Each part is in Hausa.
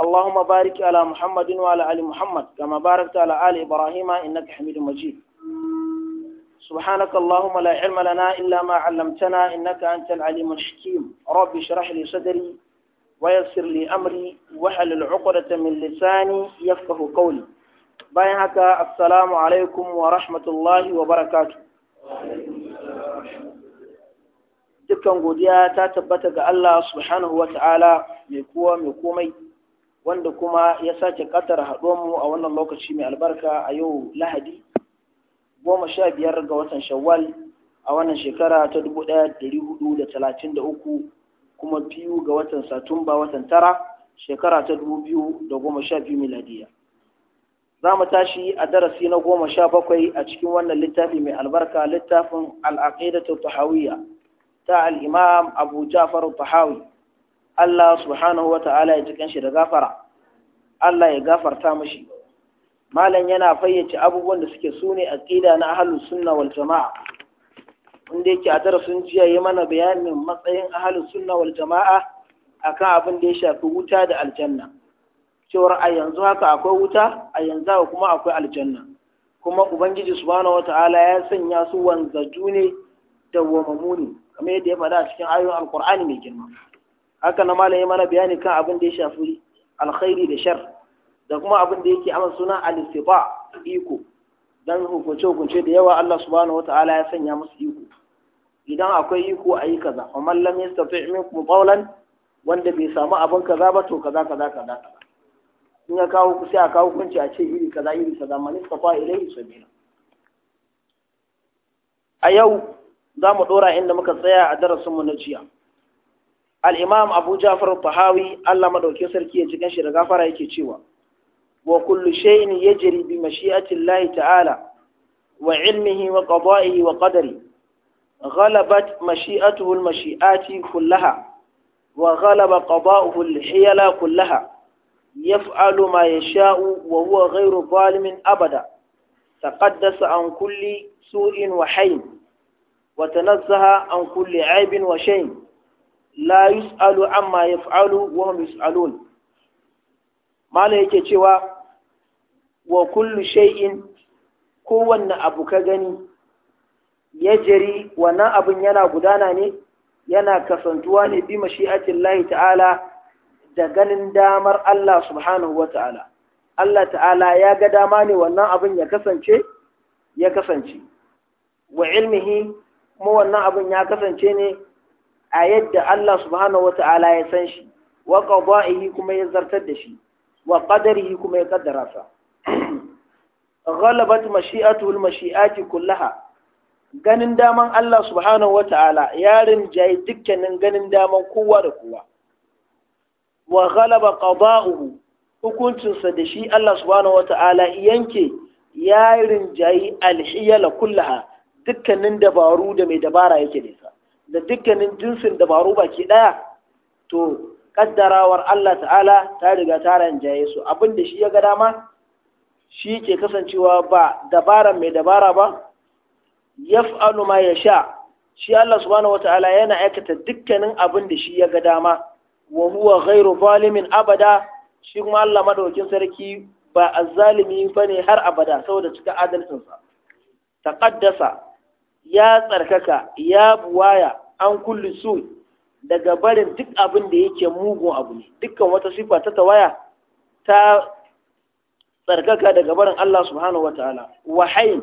اللهم بارك على محمد وعلى آل محمد كما باركت على آل إبراهيم إنك حميد مجيد سبحانك اللهم لا علم لنا إلا ما علمتنا إنك أنت العليم الحكيم رب اشرح لي صدري ويسر لي أمري وحل العقدة من لساني يفقه قولي باين هكا السلام عليكم ورحمة الله وبركاته dukkan godiya ta tabbata ga Allah subhanahu wa ta'ala mai kowa mai komai wanda kuma ya sake katar mu a wannan lokaci mai albarka a yau lahadi goma sha biyar ga watan shawwal a wannan shekara ta dubu ɗaya dari hudu da talatin da uku kuma biyu ga watan satumba watan tara shekara ta dubu biyu da goma sha biyu miladiya za mu tashi a darasi na goma sha bakwai a cikin wannan littafi mai albarka littafin al'aqidatu tahawiyya ta al'imam abu ja'far tahawi Allah subhanahu wa ta'ala ya cikin shi da gafara Allah ya gafarta mashi malam yana fayyace abubuwan da suke su ne aqida na ahlus sunna wal jama'a Inda yake a darasin jiya ya mana bayanin matsayin ahlus sunna wal jama'a akan abin da ya shafi wuta da aljanna cewar a yanzu haka akwai wuta a yanzu haka kuma akwai aljanna kuma ubangiji subhanahu ta'ala ya sanya su wanzaju ne da wamamu ne kamar yadda ya faɗa a cikin ayoyin alkur'ani mai girma haka na malaye mana bayani kan abin da ya shafi alkhairi da shar da kuma abin da yake aman suna alistiba iko dan hukunce hukunce da yawa Allah subhanahu wataala ya sanya musu iko idan akwai iko ayi kaza wa mallam yastati' minkum qawlan wanda bai samu abin kaza ba to kaza kaza kaza in ya kawo ku sai a kawo kunci a ce iri kaza iri kaza man istafa ilayhi sabila a yau za mu dora inda muka tsaya a darasin mu na jiya Al-Imam abu jafar Bahawi, allah maɗauki sarki ya cikin shi da gafara yake cewa wa kullu shayin ya bi mashi'atin lahi ta'ala wa ilmihi wa qada'ihi wa qadari ghalabat mashi'atuhu al-mashi'ati kullaha wa ghalaba qada'uhu al-hiyala kullaha yaf'alu ma yasha'u wa huwa ghayru zalimin abada taqaddasa an kulli su'in wa hayn wa tanazzaha an kulli aibin wa shayn la yus'alu amma yaf'alu wa hum yus'alun mala yake cewa wa kullu shay'in kowanne abu ka gani ya jari wannan abin yana gudana ne yana kasantuwa ne bi mashi'atin lahi ta'ala da ganin damar Allah subhanahu wa ta'ala Allah ta'ala ya ga dama ne wannan abin ya kasance ya kasance wa ilmihi kuma wannan abin ya kasance ne a yadda Allah subhanahu ta’ala ya san shi wa qada'ihi kuma ya zartar da shi wa qadarihi kuma ya kaddara sa ghalabat mashi'atuhu mashiati kullaha ganin daman Allah subhanahu ta’ala ya rinjayi dukkanin ganin daman kowa da kowa wa ghalaba qada'uhu hukuncinsa da shi Allah subhanahu ta’ala yanke ya rinjayi alhiyala kullaha dukkanin dabaru da mai dabara yake nisa da dukkanin jinsin dabaru baki ɗaya to kaddarawar Allah ta'ala ta riga ta ranjaye su abin da shi ya ga dama shi ke kasancewa ba dabara mai dabara ba yaf'alu ma ya sha shi Allah subhanahu wata'ala yana aikata dukkanin abin da shi ya ga dama wa huwa ghairu zalimin abada shi kuma Allah madaukin sarki ba azzalimi bane har abada saboda cika adalcinsa taqaddasa ya tsarkaka ya buwaya an kulli su daga barin duk abin da yake mugun abu ne dukkan wata sifa ta tawaya ta tsarkaka daga barin Allah subhanahu wataala wahayin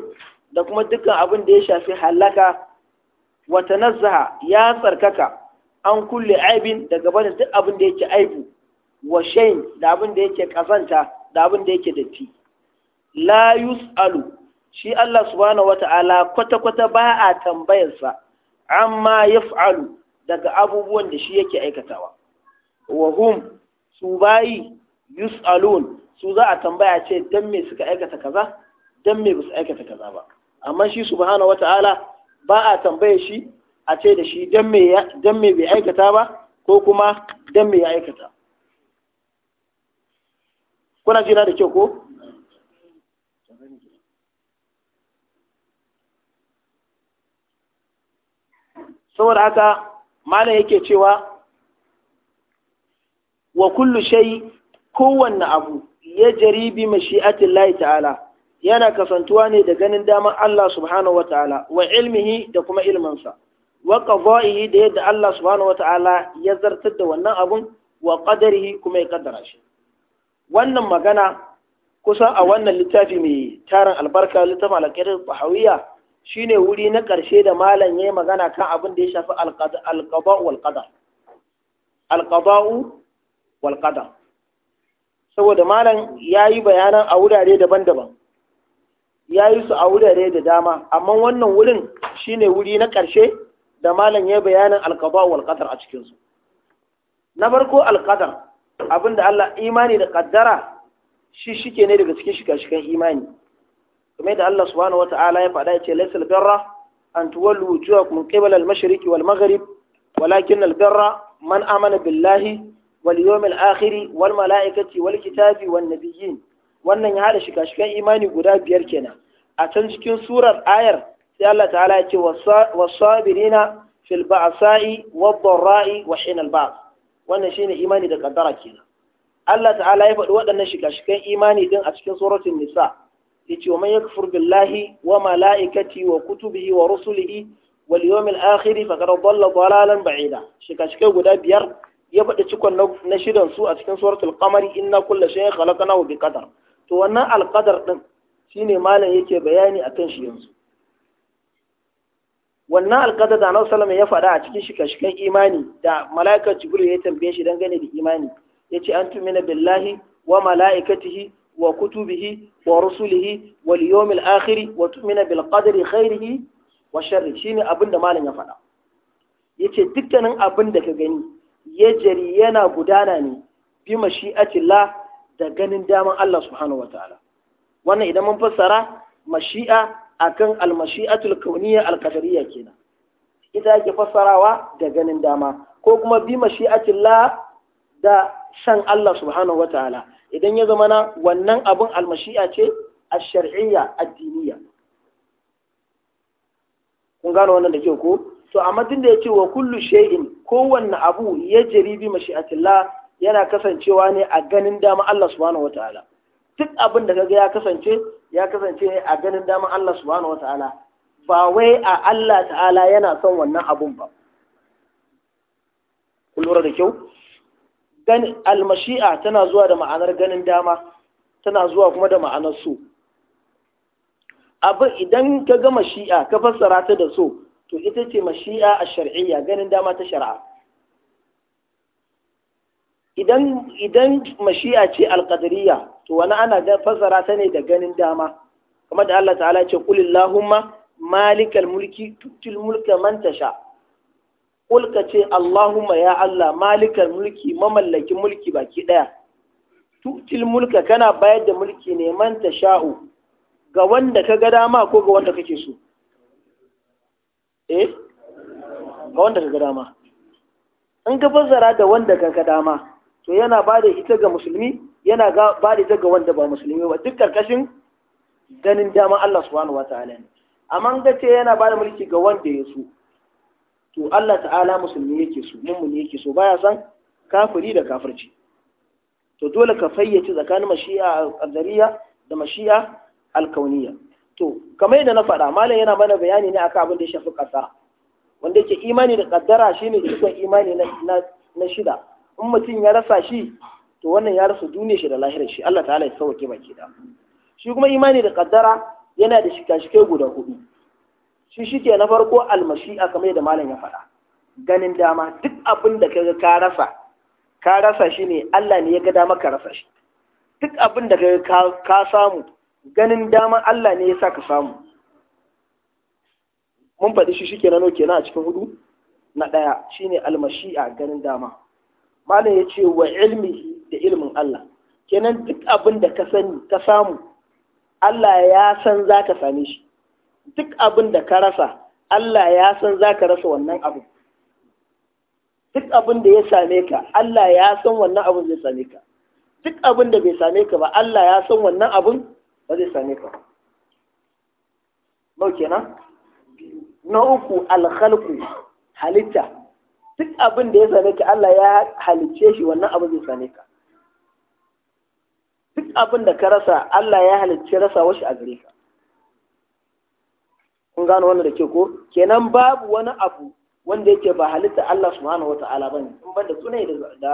da kuma dukkan abin da ya shafi halaka wa tanazzaha ya tsarkaka an kulle aibin daga barin duk abin da yake aibu wa shayin da abin da yake kazanta da abin da yake datti la yus'alu shi Allah subhanahu wata'ala kwata-kwata ba a tambayarsa amma ya yaf'alu daga abubuwan da shi yake aikatawa wahum su bayi alun, su za a tambaya ce don me suka aikata kaza don me su aikata kaza ba amma shi su wa ta’ala ba a tambaya shi a ce da shi don me bai aikata ba ko kuma don me ya aikata kuna jira da kyau ko saboda haka malam yake cewa wa kullu shay kowanne abu ya jaribi mashi'atillahi ta'ala yana kasantuwa ne da ganin daman Allah subhanahu wa ta'ala wa ilmihi da kuma ilminsa wa qada'ihi da yadda Allah subhanahu wa ta'ala ya zartar da wannan abun wa qadarihi kuma ya kaddara shi wannan magana kusa a wannan littafi mai tarin albarka littafin alƙirar bahawiyya Shi ne wuri na ƙarshe da malam yi magana kan abin da ya shafi alƙaba'u wal qadar alqada'u saboda malam yi bayanan a wurare daban-daban ya yi su a wurare da dama amma wannan wurin shi ne wuri na ƙarshe da malam yi bayanan alƙaba'u wal a cikinsu. na farko abin da Allah imani da ƙaddara shi shike ne daga cikin shiga-shigan imani kamar da Allah subhanahu wata'ala ya faɗa ya ce laysal birra an tuwallu wujuhakum qibala al-mashriqi wal maghrib walakin al-birra man amana billahi wal yawmil akhir wal mala'ikati wal kitabi wan nabiyyin wannan ya hada shika imani guda biyar kenan a can cikin surar ayar sai Allah ta'ala ya ce wasabirina fil ba'sa'i wad dharra'i wa hin al ba'th wannan shine imani da kaddara kenan Allah ta'ala ya faɗi waɗannan shika-shikan imani din a cikin suratul nisa' yace man yakfur billahi wa malaikati wa kutubihi wa rusulihi wal yawmil akhir faqad dhalla dhalalan ba'ida shika shika guda biyar ya faɗi cikon na shidan su a cikin suratul qamari inna kulla shay'in khalaqnahu bi qadar to wannan alqadar din shine malam yake bayani akan shi yanzu wannan alƙadar da Annabi sallallahu ya faɗa a cikin shika imani da mala'ikar Jibril ya tambaye shi dangane da imani yace an tumina billahi wa mala'ikatihi wa kutubihi wa rusulihi wal yawmil akhir wa tu'mina bil qadri khairihi wa sharri shine abin da malam ya faɗa yace dukkanin abin da ka gani ya yana gudana ne bi mashi'atillah da ganin daman Allah subhanahu wannan idan mun fassara mashi'a akan al-mashi'atul kauniyya al-qadariyya kenan ita yake fassarawa da ganin dama ko kuma bi mashi'atillah da san Allah subhanahu wataala idan ya zama na wannan abun almashi'a ce a shar'iyya addiniya kun gano wannan da kyau ko to amma tun da ya ce wa kullu shay'in kowanne abu ya jaribi mashi'atillah yana kasancewa ne a ganin dama Allah subhanahu wataala duk abin da kaga ya kasance ya kasance ne a ganin dama Allah subhanahu wataala ba wai a Allah ta'ala yana son wannan abun ba kun lura da kyau almashi'a tana zuwa da ma'anar ganin dama tana zuwa kuma da ma'anar so abu idan ka ga mashi'a ka fassara ta da so to ita ce mashi'a a shar'iyya ganin dama ta shar'a idan idan mashi'a ce alqadariyya to wani ana fassara ta ne da ganin dama kamar da Allah ta'ala ce qul malikal mulki tutul mulka man tasha' kulka ce Allahumma ya Allah malikar mulki mamallakin mulki baki ɗaya tutil mulka kana bayar da mulki neman ta sha'u ga wanda ka ga dama ko ga wanda kake so eh ga wanda ka ga dama in ka fassara da wanda ka ga dama to yana ba da ita ga musulmi yana ba da ita ga wanda ba musulmi ba duk karkashin ganin dama Allah subhanahu wa ta'ala ne amma ga ce yana ba da mulki ga wanda ya so to Allah ta'ala musulmi yake so mummuni yake so baya san kafiri da kafirci to dole ka fayyace tsakanin mashi'a zariya da mashi'a alkauniya to kamar yadda na faɗa malam yana mana bayani ne akan abin da ya shafi kaddara wanda yake imani da kaddara shine cikin imani na shida in mutum ya rasa shi to wannan ya rasa duniya shi da lahirar shi Allah ta'ala ya sauke baki da shi kuma imani da kaddara yana da shika shike guda hudu shi ke na farko almashi'a kamar da malam ya faɗa ganin dama duk abin da kaga ka rasa ka rasa shi ne Allah ne ya ga dama ka rasa shi duk abin da kaga ka samu ganin dama Allah ne ya sa ka samu mun faɗi shi shike na noke na a cikin hudu na ɗaya shine almashi'a ganin dama malam ya ce wa ilmi, da ilmin Allah kenan duk abin da ka sani ka samu Allah ya san za ka same shi duk abin da ka rasa Allah ya san za ka rasa wannan abu duk abin da ya same ka Allah ya san wannan abin zai same ka duk abin da bai same ka ba Allah ya san wannan abin ba zai same ka ba nau kenan na uku alhalku, halitta duk abin da ya same ka Allah ya halicce shi wannan abin zai same ka duk abin da ka rasa Allah ya halicce rasa washi a gare ka kun gano wannan da ke ko kenan babu wani abu wanda yake ba halitta Allah subhanahu wata'ala bane in banda sunai da da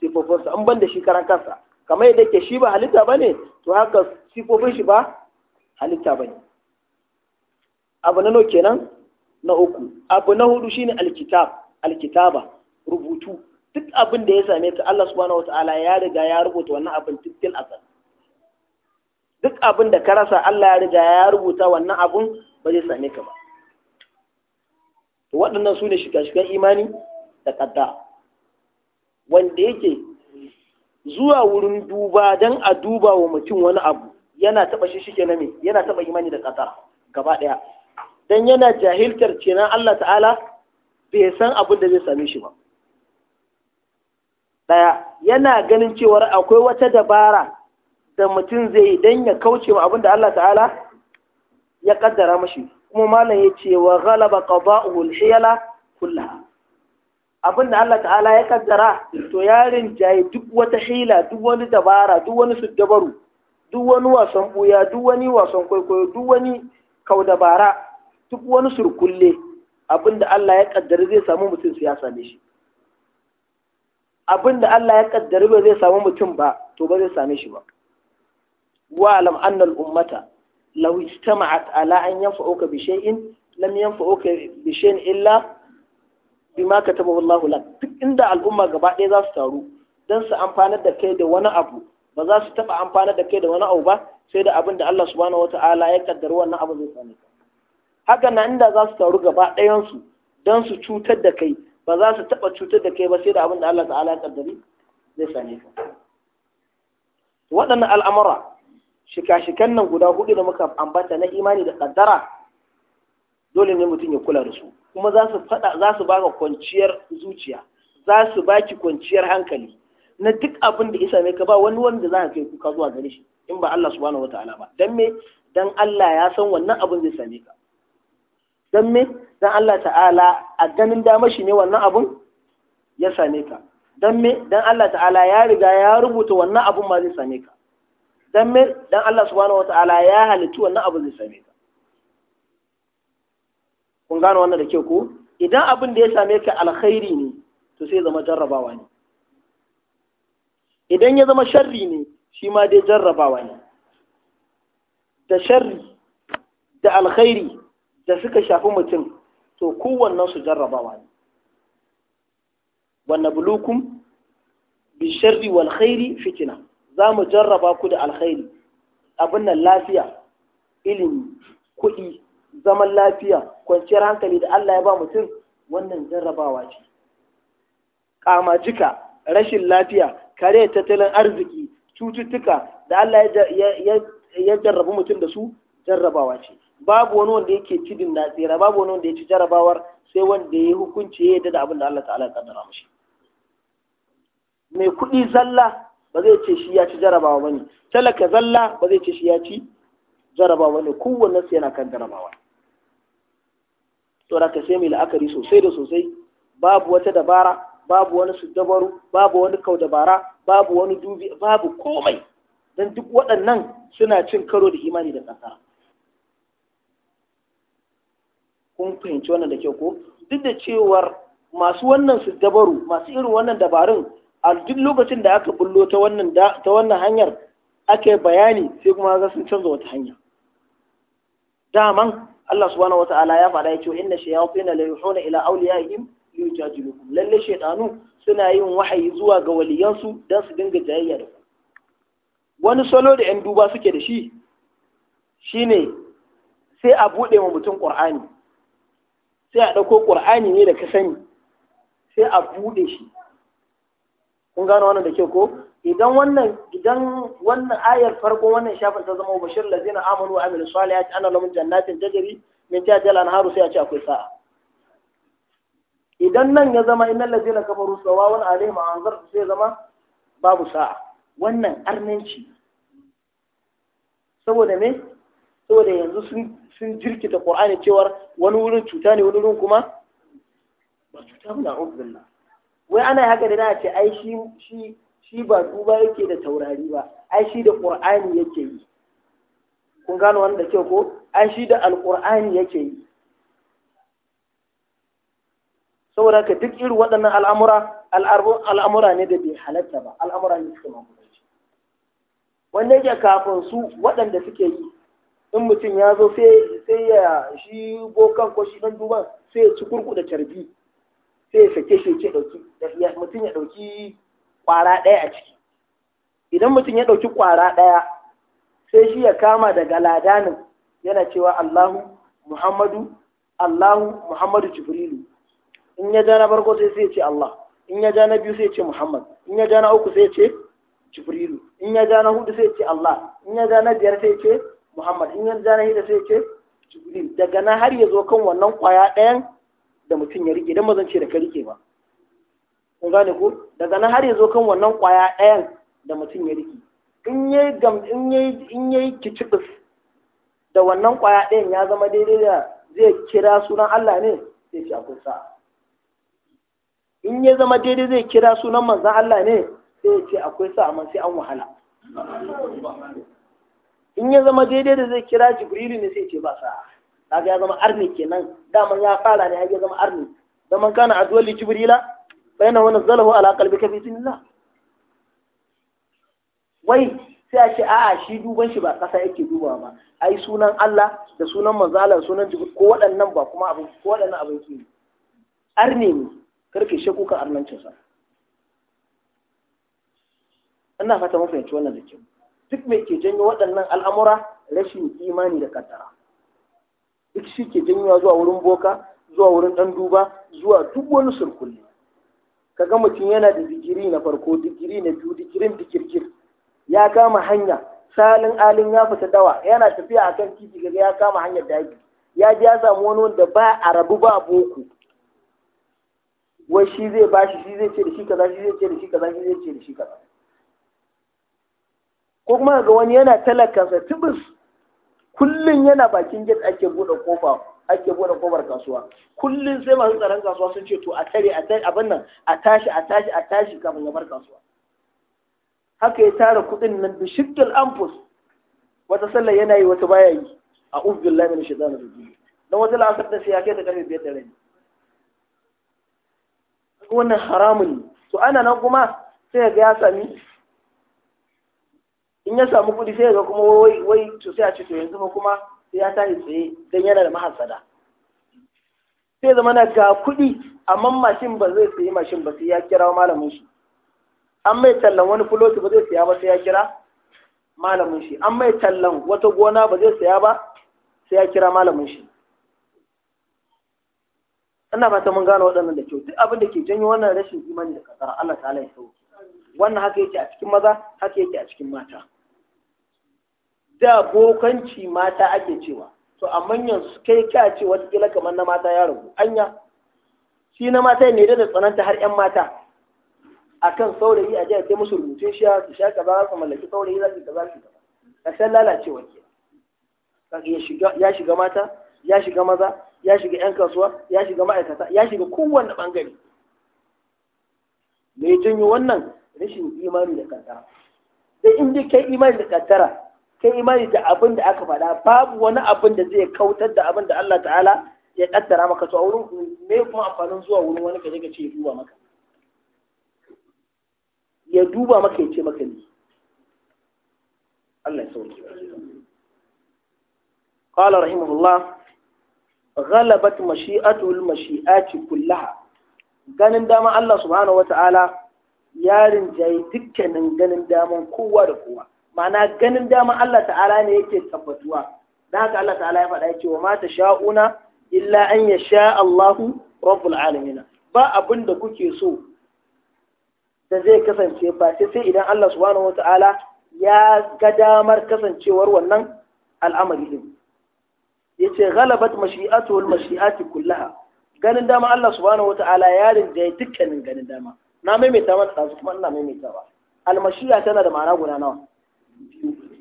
sifofinsa in banda shi karan kansa kamar yadda yake shi ba halitta bane to haka sifofin shi ba halitta bane abu na nawa kenan na uku abu na hudu shine alkitab alkitaba rubutu duk abin da ya same ta Allah subhanahu wata'ala ya riga ya rubuta wannan abin tiktil asal duk abin da ka rasa Allah ya riga ya rubuta wannan abun ba zai same ka ba to waɗannan su ne shiga-shigan imani da ƙadda wanda yake zuwa wurin duba don a duba wa mutum wani abu yana taɓa shi shike na me yana taɓa imani da ƙadda gaba ɗaya don yana jahiltar kenan Allah ta'ala bai san abin da zai same shi ba ɗaya yana ganin cewar akwai wata dabara da mutum zai yi don ya kauce wa abin da Allah ta'ala ya kaddara mashi kuma malam ya ce wa ghalaba qada'uhu al-hiyala kullaha abinda Allah ta'ala ya kaddara to yarin jaye duk wata hila duk wani dabara duk wani sudabaru duk wani wasan buya duk wani wasan kwaikwayo duk wani kau dabara duk wani surkulle Abinda Allah ya kaddara zai samu mutum su ya same shi Abinda Allah ya kaddara ba zai samu mutum ba to ba zai same shi ba wa alam annal ummata لو اجتمعت على an ينفعوك بشيء لم ينفعوك بشيء إلا بما illa bima لك إن lak الأمة inda al'umma gaba ɗaya za su taru dan su amfanar da kai da wani abu ba za su taɓa amfanar da kai da wani abu ba sai haka na inda za su taru gaba ɗayan su su cutar da kai ba za su taɓa cutar da kai ba sai da abin da Allah ta'ala ya kaddari zai same ka waɗannan al'amura shika-shikan nan guda hudu da muka ambata na imani da kaddara dole ne mutum ya kula da su kuma za su fada za su baka kwanciyar zuciya za su baki kwanciyar hankali na duk abin da isa ne ka ba wani wanda za ka kai kuka zuwa gare shi in ba Allah subhanahu wataala ba dan me dan Allah ya san wannan abin zai same ka dan me dan Allah ta'ala a ganin dama shi ne wannan abin ya same ka dan me dan Allah ta'ala ya riga ya rubuta wannan abin ma zai same ka dan me dan Allah subhanahu wataala ya halittu wannan abu zai same ka kun gano wannan da ke ku? idan abin da ya same ka alkhairi ne to sai zama jarrabawa ne idan ya zama sharri ne shi ma dai jarrabawa ne da sharri da alkhairi da suka shafi mutum to kowannen su jarrabawa ne wannan bulukum bi sharri wal khairi fitina za mu jarraba ku da alkhairi abin nan lafiya ilimi kuɗi zaman lafiya kwanciyar hankali da Allah ya ba mutum wannan jarrabawa ce ƙamajika rashin lafiya kare tattalin arziki cututtuka da Allah ya jarrabu mutum da su jarrabawa ce babu wani wanda yake cidin na tsira babu wani wanda ya ci jarrabawar sai wanda ya hukunci ya yadda da abin da Allah ta'ala ya kaddara mashi mai kuɗi zalla ba zai ce shi ya ci jarabawa bane talaka zalla ba zai ce shi ya ci jarabawa ne kowanne su yana kan jarabawa to da ka sai mai la'akari sosai da sosai babu wata dabara babu wani su dabaru babu wani kau dabara babu wani dubi babu komai don duk waɗannan suna cin karo da imani da ƙasa kun fahimci wannan da kyau ko duk da cewar masu wannan su dabaru masu irin wannan dabarun a duk lokacin da aka bullo ta wannan hanyar aka bayani sai kuma za su canza wata hanya daman Allah subhanahu ya faɗa ya ce inna shayatin la yuhuna ila ya awliyaihim liyujadilukum lalle shaytanu suna yin wahayi zuwa ga waliyansu dan su dinga jayayya da ku wani salo da yan duba suke da shi shine sai a buɗe ma mutum qur'ani sai a ɗauko qur'ani ne da ka sani sai a buɗe shi kun gano wannan da ke ko idan wannan idan wannan ayar farko wannan shafin ta zama bashir lazina amanu wa amilu salihati ana lamun jannatin tajri min tahtiha al-anharu sai a ce akwai sa'a idan nan ya zama innal ladina kafaru sawawan alaihim anzar sai zama babu sa'a wannan arnanci saboda me saboda yanzu sun sun jirkita qur'ani cewar wani wurin cuta ne wani wurin kuma ba cuta ba na'udhu billah wai ana haka da na ce ai shi shi shi ba duba yake da taurari ba ai shi da qur'ani yake yi kun gano wannan da kyau ko ai shi da alqur'ani yake yi saboda ka duk irin waɗannan al'amura al'amura ne da bai halatta ba al'amura ne suka mamulanci wanda yake kafin su waɗanda suke yi in mutum ya zo sai ya shi bokan ko shi dan duban sai ya ci kurku da tarbi sai ya sake shi ce dauki mutum ya dauki kwara ɗaya a ciki idan mutum ya dauki kwara ɗaya sai shi ya kama daga ladanin yana cewa Allahu Muhammadu Allahu Muhammadu Jibrilu in ya ja na farko sai sai ce Allah in ya ja na biyu sai ce Muhammad in ya ja na uku sai ce Jibrilu in ya ja na hudu sai ce Allah in ya ja na biyar sai ce Muhammad in ya ja na hida sai ce Jibril daga nan har ya zo kan wannan kwaya ɗayan da mutum ya rike don mazance da ka rike ba kun gane ko daga nan har ya zo kan wannan kwaya ɗayan da mutum ya rike in yi gam in yi in yi kicibis da wannan kwaya ɗayan ya zama daidai da zai kira sunan Allah ne sai ce akwai sa'a in ya zama daidai zai kira sunan manzan Allah ne sai ce akwai sa'a amma sai an wahala in ya zama daidai da zai kira Jibrilu ne sai ce ba sa'a kaga ya zama arni kenan daman ya fara ne ya zama arni zaman kana addu'a li jibrila bayna wa zalahu ala qalbika fi sinillah wai sai a ce a'a shi duban shi ba kasa yake dubawa ba ai sunan Allah da sunan manzala sunan jibril ko waɗannan ba kuma abin ko waɗannan abin ne. arne ne karke shi kuka arnancin sa ina fata mafi yanci wannan da ke duk mai ke janyo waɗannan al'amura rashin imani da kaddara duk shi ke janyowa zuwa wurin boka zuwa wurin ɗan duba zuwa duk wani surkulli kaga mutum yana da digiri na farko digiri na biyu digirin dikirkir ya kama hanya salin alin ya fita dawa yana tafiya a kan titi kaga ya kama hanyar daji ya ji ya samu wani wanda ba arabu ba boko wai shi zai bashi shi zai ce da shi kaza shi zai ce da shi kaza shi zai ce da shi kaza ko kuma ga wani yana talakansa tubus kullum yana bakin gate ake bude kofa ake bude kofar kasuwa kullum sai masu tsaron kasuwa sun ce to a tare a tare abin nan a tashi a tashi a tashi kafin ya bar kasuwa haka ya tara kuɗin nan da shiddal anfus wata sallar yana yi wata baya yi a ubbillahi min shaitanir rajim dan wata la'asar da sai ya kai ta karfe biyar da rabi wannan haramun ne to ana nan kuma sai ga ya sami in ya samu kuɗi sai ga kuma wai wai to sai a ce to yanzu kuma sai ya tashi tsaye dan yana da mahasada sai zama na ga kuɗi amma mashin ba zai sayi mashin ba sai ya kira malamin shi an mai tallan wani fuloti ba zai saya ba sai ya kira malamin shi an mai tallan wata gona ba zai saya ba sai ya kira malamin shi ina fata mun gano waɗannan da kyau duk abin da ke janyo wannan rashin imani da kasara Allah ta'ala ya sauke wannan haka yake a cikin maza haka yake a cikin mata da bokanci mata ake cewa to amma yanzu kai ka ce wata kila kamar na mata ya ragu anya shi na mata ne da tsananta har yan mata akan saurayi a jiya sai musu rubutun shi su sha kaza su mallaki saurayi za su kaza su kaza ƙarshen lalacewa ke ya shiga mata ya shiga maza ya shiga 'yan kasuwa ya shiga ma'aikata ya shiga kowanne bangare. me ya janyo wannan rashin imani da kaddara sai in dai kai imani da kaddara kai imani da abin da aka faɗa babu wani abin da zai kautar da abin da Allah ta'ala ya kaddara maka to a wurin me kuma amfanin zuwa wurin wani kaje ka ce ya duba maka ya duba maka ya ce maka ne Allah ya sauke قال رحمه الله غلبت مشيئته المشيئات كلها ganin daman Allah subhanahu wata'ala ya rinjaye dukkanin ganin daman kowa da kowa ma'ana ganin dama Allah ta'ala ne yake tabbatuwa da haka Allah ta'ala ya faɗa yake wa mata sha'una illa an ya sha Allahu rabbul alamin ba abin da kuke so da zai kasance ba sai sai idan Allah subhanahu wata'ala ya ga damar kasancewar wannan al'amari din yace ghalabat mashi'atu wal mashi'ati kullaha ganin dama Allah subhanahu wata'ala ya rinjaye dukkanin ganin dama na maimaita mana ɗazu kuma ina maimaitawa almashiya tana da ma'ana guda nawa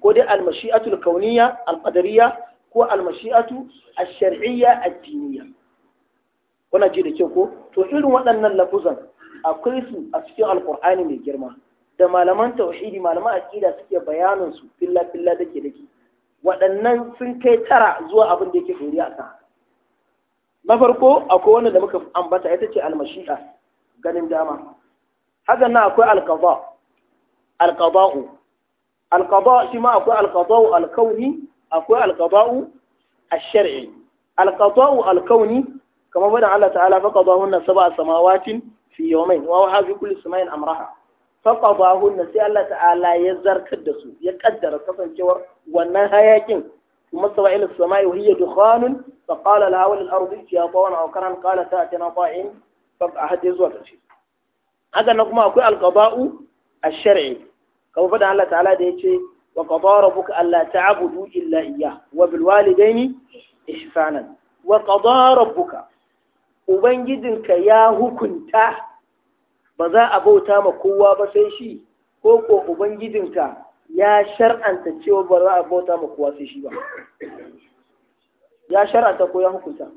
ko dai almashi'atul al alqadariyya ko almashi'atu ash-shar'iyya ad-diniyya wannan ji da kyau ko to irin waɗannan lafuzan akwai su a cikin alqur'ani mai girma da malaman tauhidi malaman aqida suke bayanin su filla filla dake dake waɗannan sun kai tara zuwa abin da yake a ta na farko akwai wanda da muka ambata ita ce almashi'a ganin dama hakan nan akwai alqada alqada'u alqada shi ma akwai alqada'u alkauni akwai alqada'u ash-shar'i alqada'u alkauni kamar bada Allah ta'ala fa qadahunna sab'a samawatin fi yawmayn wa waha fi kulli samayin amraha fa qadahunna sai Allah ta'ala ya zartar da su ya kaddara kasancewar wannan hayakin ثم استوى إلى السماء وهي دخان فقال لها وللأرض ائتيا طوعا أو كرها قال تأتنا طائعين فأحد يزوى تشير kuma akwai أكو القضاء الشرعي kamar faɗin Allah ta'ala da ya ce wa qadara Allah alla ta'budu illa iya. wa bil walidaini ihsanan wa qadara buka ubangijinka ya hukunta ba za a bauta ma kowa ba sai shi ko ko ubangijinka ya shar'anta cewa ba za a bauta ma kowa sai shi ba ya shar'anta ko ya hukunta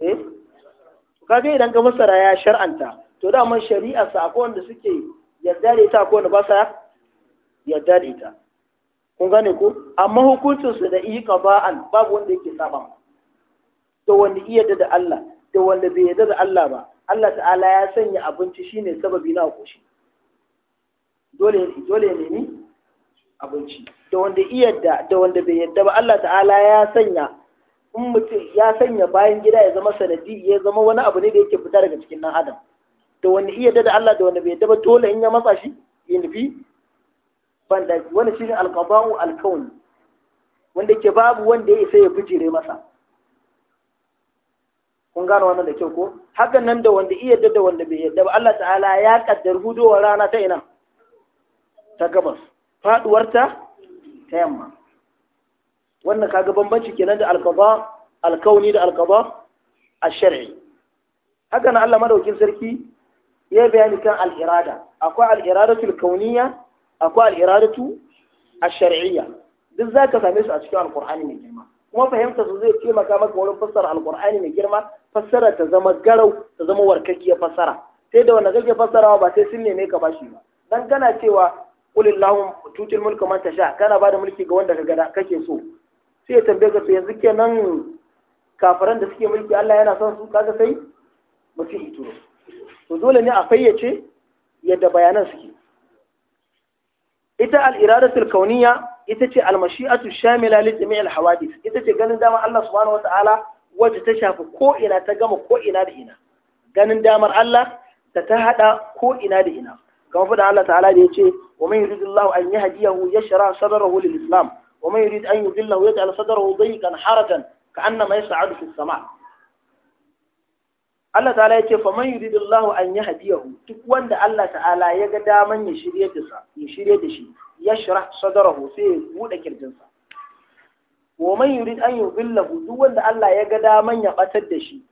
eh kaga idan ka masara ya shar'anta to da man shari'a sa akwai wanda suke yadda da ita ko ba sa yadda da ita kun gane ku? amma hukuncin su da yi ba'an babu wanda yake saba to wanda iya yadda da Allah da wanda bai yadda da Allah ba Allah ta'ala ya sanya abinci shine sababi na koshi dole dole ne ni abinci da wanda iya yadda da wanda bai yadda ba Allah ta'ala ya sanya in mutum ya sanya bayan gida ya zama sanadi ya zama wani abu ne da yake fita daga cikin nan adam Da wanda iya da Allah da wanda bai yadda dole in ya matsa shi ya nufi ban daki wani shine alqada'u alkawn wanda ke babu wanda ya isa ya bijire masa kun gano wannan da kyau ko hakan nan da wanda iya da wanda bai yadda ba Allah ta'ala ya kaddar hudowar rana ta ina ta gabas faduwarta ta yamma wannan kaga bambanci kenan da alqada alkauni da alqada a shari haka nan Allah madaukin sarki ya bayani kan al'irada akwai al'iradatu kauniya akwai al'iradatu a shariyya duk za same su a cikin Alƙur'ani mai girma kuma fahimta su zai taimaka maka wurin fassara Alƙur'ani mai girma fassara ta zama garau ta zama warkakiya fassara sai da wanda kake fassarawa ba sai sun ne ka bashi ba dan kana cewa qul illahum tutil mulka man tasha kana bada mulki ga wanda kaga kake so sai ya tambaye ka to yanzu kenan kafiran da suke mulki Allah yana son su kaga sai mutum su to dole ne a fayyace yadda bayanan suke ita al-iradatul kauniya ita ce al shamila li jami' al-hawadith ita ce ganin dama Allah subhanahu wata'ala wacce ta shafi ko ina ta gama ko ina da ina ganin damar Allah ta ta hada ko ina da ina kamar fada Allah ta'ala da yace wa man yuridullahu an yahdiyahu yashra sadrahu lil-islam wa man yurid an yudillahu yaj'al sadrahu dayqan harajan ka'annama yas'adu fis sama' Allah ta'ala ya ce faman "Allah an yahdiyahu duk wanda Allah ta'ala ya ga daman ya shirye da sa ya shirye da shi yashrah sadarahu sai ya bude sa wa man yurid an yudillahu duk wanda Allah ya ga daman ya batar da shi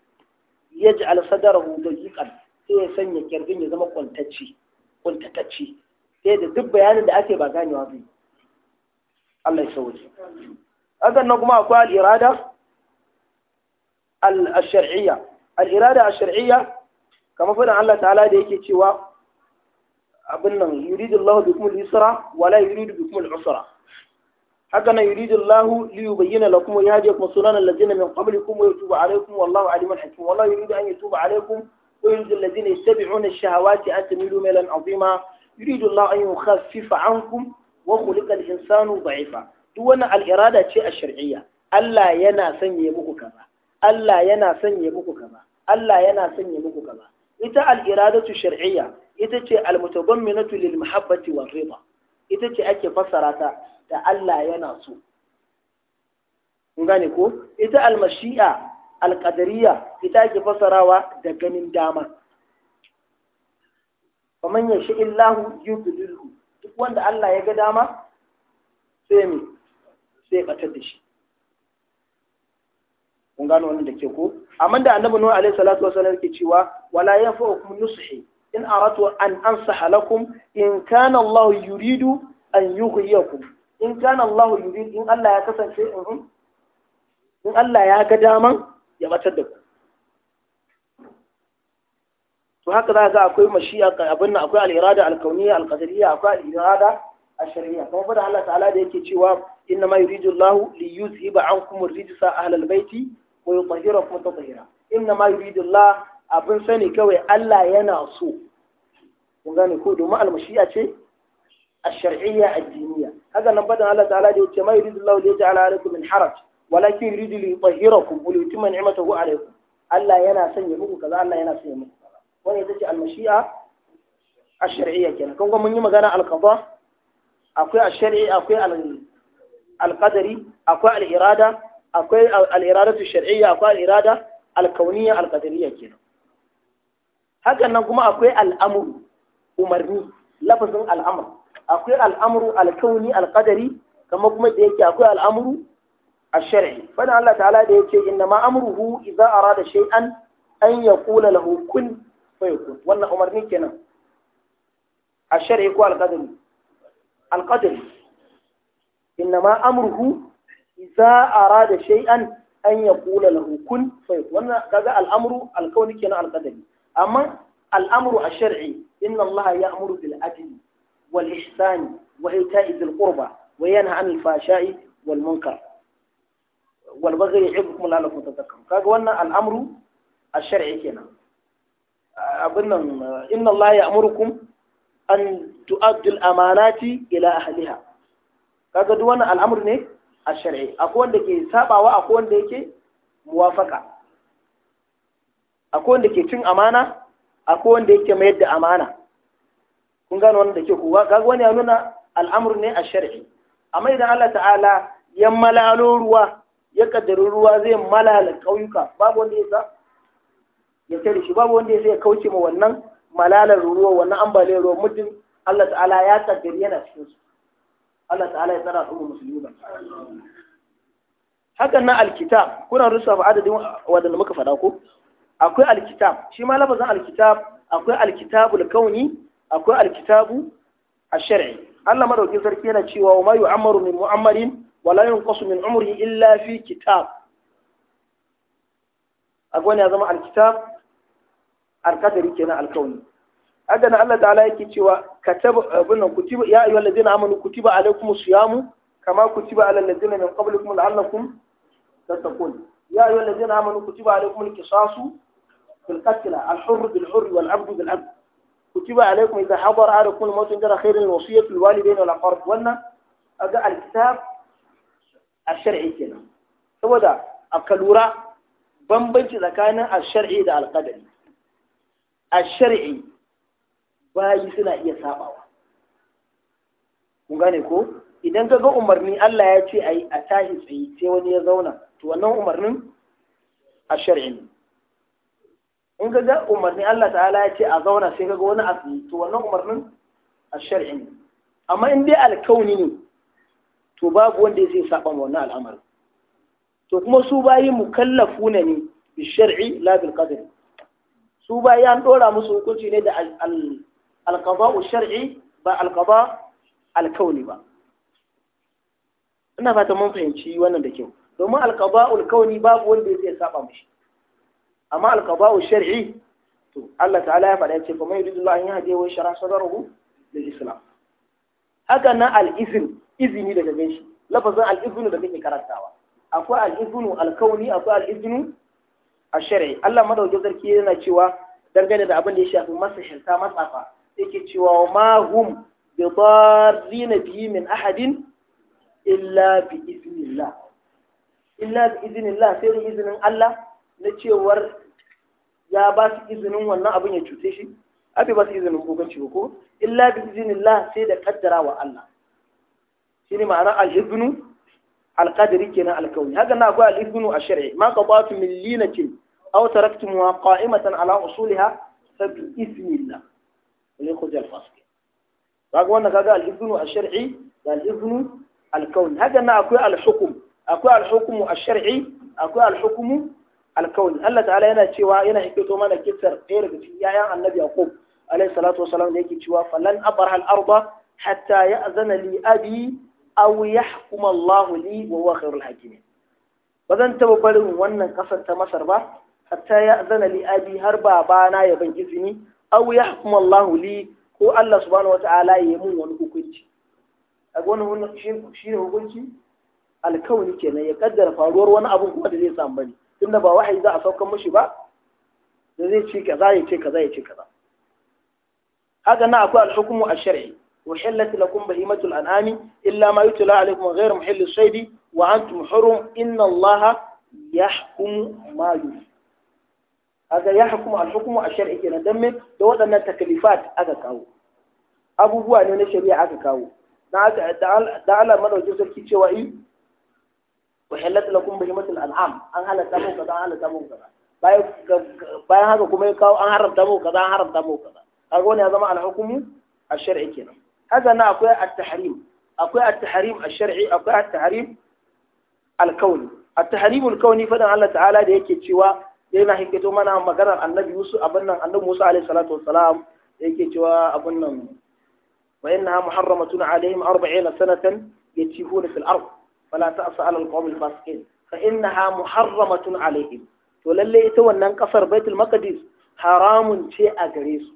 sadarahu da daqiqan sai ya sanya kirjin ya zama kwantacci kuntatacci sai da duk bayanin da ake ba ganewa bai Allah ya sauke hakan nan kuma akwai al-irada al-shar'iyya al'irada a shar'iyya kamar faɗin Allah ta'ala da yake cewa abin nan yuridu Allah bikum al-yusra yuridu bikum al-usra haka nan yuridu Allah li yubayyana lakum wa yahdiyakum sunan min qablikum wa yatuba alaykum wallahu alimun hakim yuridu an yatuba alaykum wa yuridu allazina yattabi'una ash-shahawati an tamilu maylan 'azima yuridu Allah an yukhaffifa wa khuliqa insanu da'ifa duk ce a shar'iyya Allah yana sanya muku kaza Allah yana sanya muku gaba, Allah yana sanya muku gaba. ita al-iradatu shar'iyya ita ce al mutagamminatu lil mahabbati war rida ita ce ake fassara ta da Allah yana so kun gane ko ita al-mashi'a al-qadariyya ita ake fassarawa da ganin dama Kaman yashi illahu yudlilhu duk wanda Allah ya ga dama sai me sai batar da shi kun gano wannan da ke ko amma da annabi nuhu alaihi salatu wasallam yake cewa wala yanfa'ukum nusuhi in aratu an ansaha lakum in kana Allah yuridu an yughyikum in kana Allah yuridu in Allah ya kasance in Allah ya ga daman ya batar da ku to haka za ga akwai mashiya abin nan akwai al-irada al-kauniyya al-qadariyya akwai al-irada al-shar'iyya kuma bada Allah ta'ala da yake cewa inna ma yuridu Allah li yuzhiba ankum ar-rijsa ahlal baiti ويطهركم تطهيرا انما يريد الله abin sani kawai Allah yana so kun gane ko domin almashi'a ce a shar'iyya addiniya haka nan badan Allah ta'ala da yace mai yuridu Allah yaja ala alaikum min haraj walakin yuridu li yutahhirakum wa yutimma ni'matahu alaikum Allah yana son ya muku kaza Allah yana son ya muku kaza wani yace ce almashi'a a shar'iyya kenan kun ga mun yi magana alqada akwai ash-shar'i akwai al akwai al akwai al'iradatu shar'iyya akwai al'irada alkauniyya alkadiriyya kenan hakan nan kuma akwai al'amuru umarni lafazin al'amur akwai al'amuru alkauni alƙadari. kamar kuma da yake akwai al'amuru a shari'i fani Allah ta'ala da yake inna ma amruhu idza arada shay'an an ya kula lahu kun fayakun wannan umarni ke nan a shari'i ko alƙadari? Alƙadari inna ma amruhu Iza arada shay'an an yaqula lahu kun fayakun wannan kaga al'amru alkauni kenan alqadari amma al'amru ash-shar'i inna Allah ya'muru bil adli wal ihsani wa ita'i dhil qurba wa yanha 'anil fahsha'i wal munkar wal baghi yuhibbukum la'allakum tattaqun kaga wannan al'amru ash-shar'i kenan abin nan inna Allah ya'murukum an tu'addu al-amanati ila ahliha kaga duk wannan al'amru ne a shari'i akwai wanda ke sabawa akwai wanda yake muwafaka akwai wanda ke cin amana akwai wanda yake mayar da amana kun gano wanda ke kuwa ga wani ya nuna al'amur ne a shari'i amma idan Allah ta'ala ya malalo ruwa ya kaddari ruwa zai malala ƙauyuka babu wanda ya sa ya tare shi babu wanda ya sa ya kauce ma wannan malalar ruwa wannan ambaliyar ruwa muddin Allah ta'ala ya kaddari yana cikin su Allah ta'ala ya tsara su musulmi ba hakan nan alkitab kuna rusa fa adadin wadanda muka faɗa ko akwai alkitab shi ma lafazin alkitab akwai alkitabul kauni akwai alkitabu a Allah madaukin sarki yana cewa wa ma yu'ammaru min mu'ammarin wa la yunqasu min umri illa fi kitab akwai ne ya zama alkitab alkadari kenan alkauni haka nan Allah ta'ala yake cewa kataba abin nan kutiba ya ayyuhal ladina amanu kutiba alaykum siyamu kama kutiba alal ladina min qablikum la'allakum tattaqun ya ayyuhal ladina amanu kutiba alaykum al-qisasu fil qatl al-hurr bil hurr wal 'abd bil 'abd kutiba alaykum idha hadara alaykum al-maut jara khayran al lil walidayn wal aqrab wannan aga al-kitab al-shar'i kenan saboda aka lura bambanci tsakanin al-shar'i da al-qadari al-shar'i bayi suna iya sabawa kun gane ko idan ka ga umarni Allah ya ce ai a tashi tsaye sai wani ya zauna to wannan umarnin a shar'i in ka ga umarni Allah ta'ala ya ce a zauna sai ka ga wani a to wannan umarnin a shar'i amma in dai alkauni ne to babu wanda ya saba ma wannan al'amarin to kuma su bayi mukallafu ne ne bi shar'i la bil su bayi an dora musu hukunci ne da al alqada'u shar'i ba alqada alkauni ba ina fata mun fahimci wannan da kyau domin alqada'ul kauni babu wanda ya saba mishi amma alqada'u shar'i to Allah ta'ala ya faɗa ce fa mai yuridu Allah an yahdi wa yashra sadrahu lil islam haka na al-izn izini daga gare shi lafazin al-izn da kake karantawa akwai al-izn al-kauni akwai al-izn al-shar'i Allah madaukakin sarki yana cewa dangane da abin da ya shafi masahirta matsafa yake cewa ma hum bi na bi min ahadin illa bi iznillah illa bi iznillah sai da izinin Allah na cewar ya ba su izinin wannan abin ya cuce shi abi ba su izinin kokanci ko illa bi iznillah sai da kaddara wa Allah ne ma'ana al hibnu al-qadri kenan al kauni haka na akwai al hibnu ash-shar'i ma qadatu min linatin aw taraktumuha qa'imatan ala usuliha fa bi iznillah ويخرج الفاسق kaga wannan kaga al-iznu ash-shar'i da al-iznu al-kawn na akwai al-hukm akwai al akwai al-hukm al Allah ta'ala yana cewa yana hikito mana kissar ɗaya daga cikin yayan Annabi Yaqub alayhi salatu wasalam da yake cewa falan abraha al-arda hatta ya'zana li abi aw yahkuma Allah li wa huwa khairul hakimin bazan taba barin wannan kasar ta Masar ba hatta zana li har babana ya ban izini aw yahkum Allah li ko Allah subhanahu wata'ala ya mun wani hukunci a wani shi ne hukunci alkawari kenan ya kaddara faruwar wani abu kuma da zai samu bane tunda ba wahayi za a saukar mashi ba da zai ce kaza ya ce kaza ya ce kaza haka na akwai alhukumu a shari'i وحلت لكم بهيمة الأنعام إلا ما يتلى عليكم غير محل الصيد وأنتم hurum إن الله يحكم ma يريد kaga ya hukuma al-hukmu ash-shar'i kenan dan me da waɗannan takalifat aka kawo abubuwa ne na shari'a aka kawo dan aka da Allah madauki sarki cewa i uhillat lakum bihimatul an'am an halatta muku kaza an halatta muku kaza bayan haka kuma ya kawo an haramta muku kaza an haramta muku kaza kaga wani ya zama al-hukmu ash-shar'i kenan haka na akwai at-tahrim akwai at-tahrim ash-shar'i akwai at-tahrim al-kawni at-tahrim al-kawni fadan Allah ta'ala da yake cewa yana hikato mana maganar annabi Yusuf abin nan annabi Musa alaihi salatu wassalam yake cewa abin nan wa innaha muharramatun alaihim 40 sanatan yatihuna fil ard fala ta'sa ala alqawm alfasiqin fa innaha muharramatun alaihim to lalle ita wannan kasar baitul maqdis haramun ce a gare su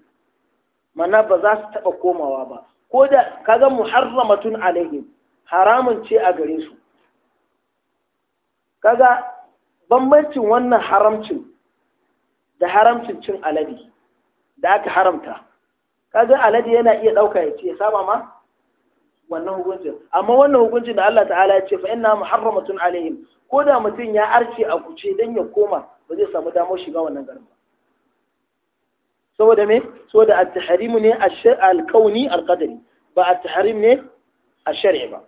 mana ba za su taba komawa ba ko da kaga muharramatun alaihim haramun ce a gare su kaga bambancin wannan haramcin da haramcin cin alade da aka haramta kaga alade yana iya ɗauka ya ce ya saba ma wannan hukuncin amma wannan hukuncin da Allah ta'ala ya ce fa inna muharramatun alaihim ko da mutum ya arce a kuce dan ya koma ba zai samu damar shiga wannan garin ba saboda me saboda at-tahrim ne al-kauni al-qadari ba at-tahrim ne a shari ba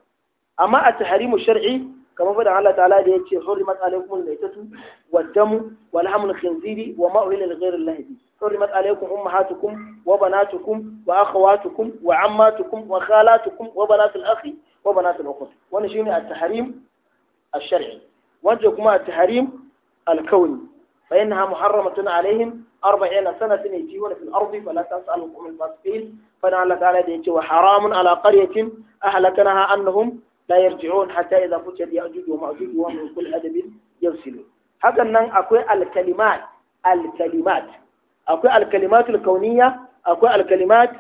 amma at-tahrim shar'i kamar fadan Allah ta'ala da yace hurrimat alaykum al-maytatu wa damu wa lahmul khinziri wa ma uhilla li ghayri Allah bi hurrimat alaykum ummahatukum wa banatukum wa akhawatukum wa ammatukum wa khalatukum wa banat na akhi wa banat al-ukht wannan shine at-tahrim الشرعي وانجو كما التحريم الكوني فإنها محرمة عليهم أربعين سنة يجيون في الأرض فلا تسأل القوم الفاسقين فإن الله تعالى يجي وحرام على قرية أهلكناها أنهم la yarji'un hatta idza fuchat ya'juj wa ma'juj wa akwai al-kalimat al-kalimat akwai al-kalimatul kauniyya akwai al-kalimat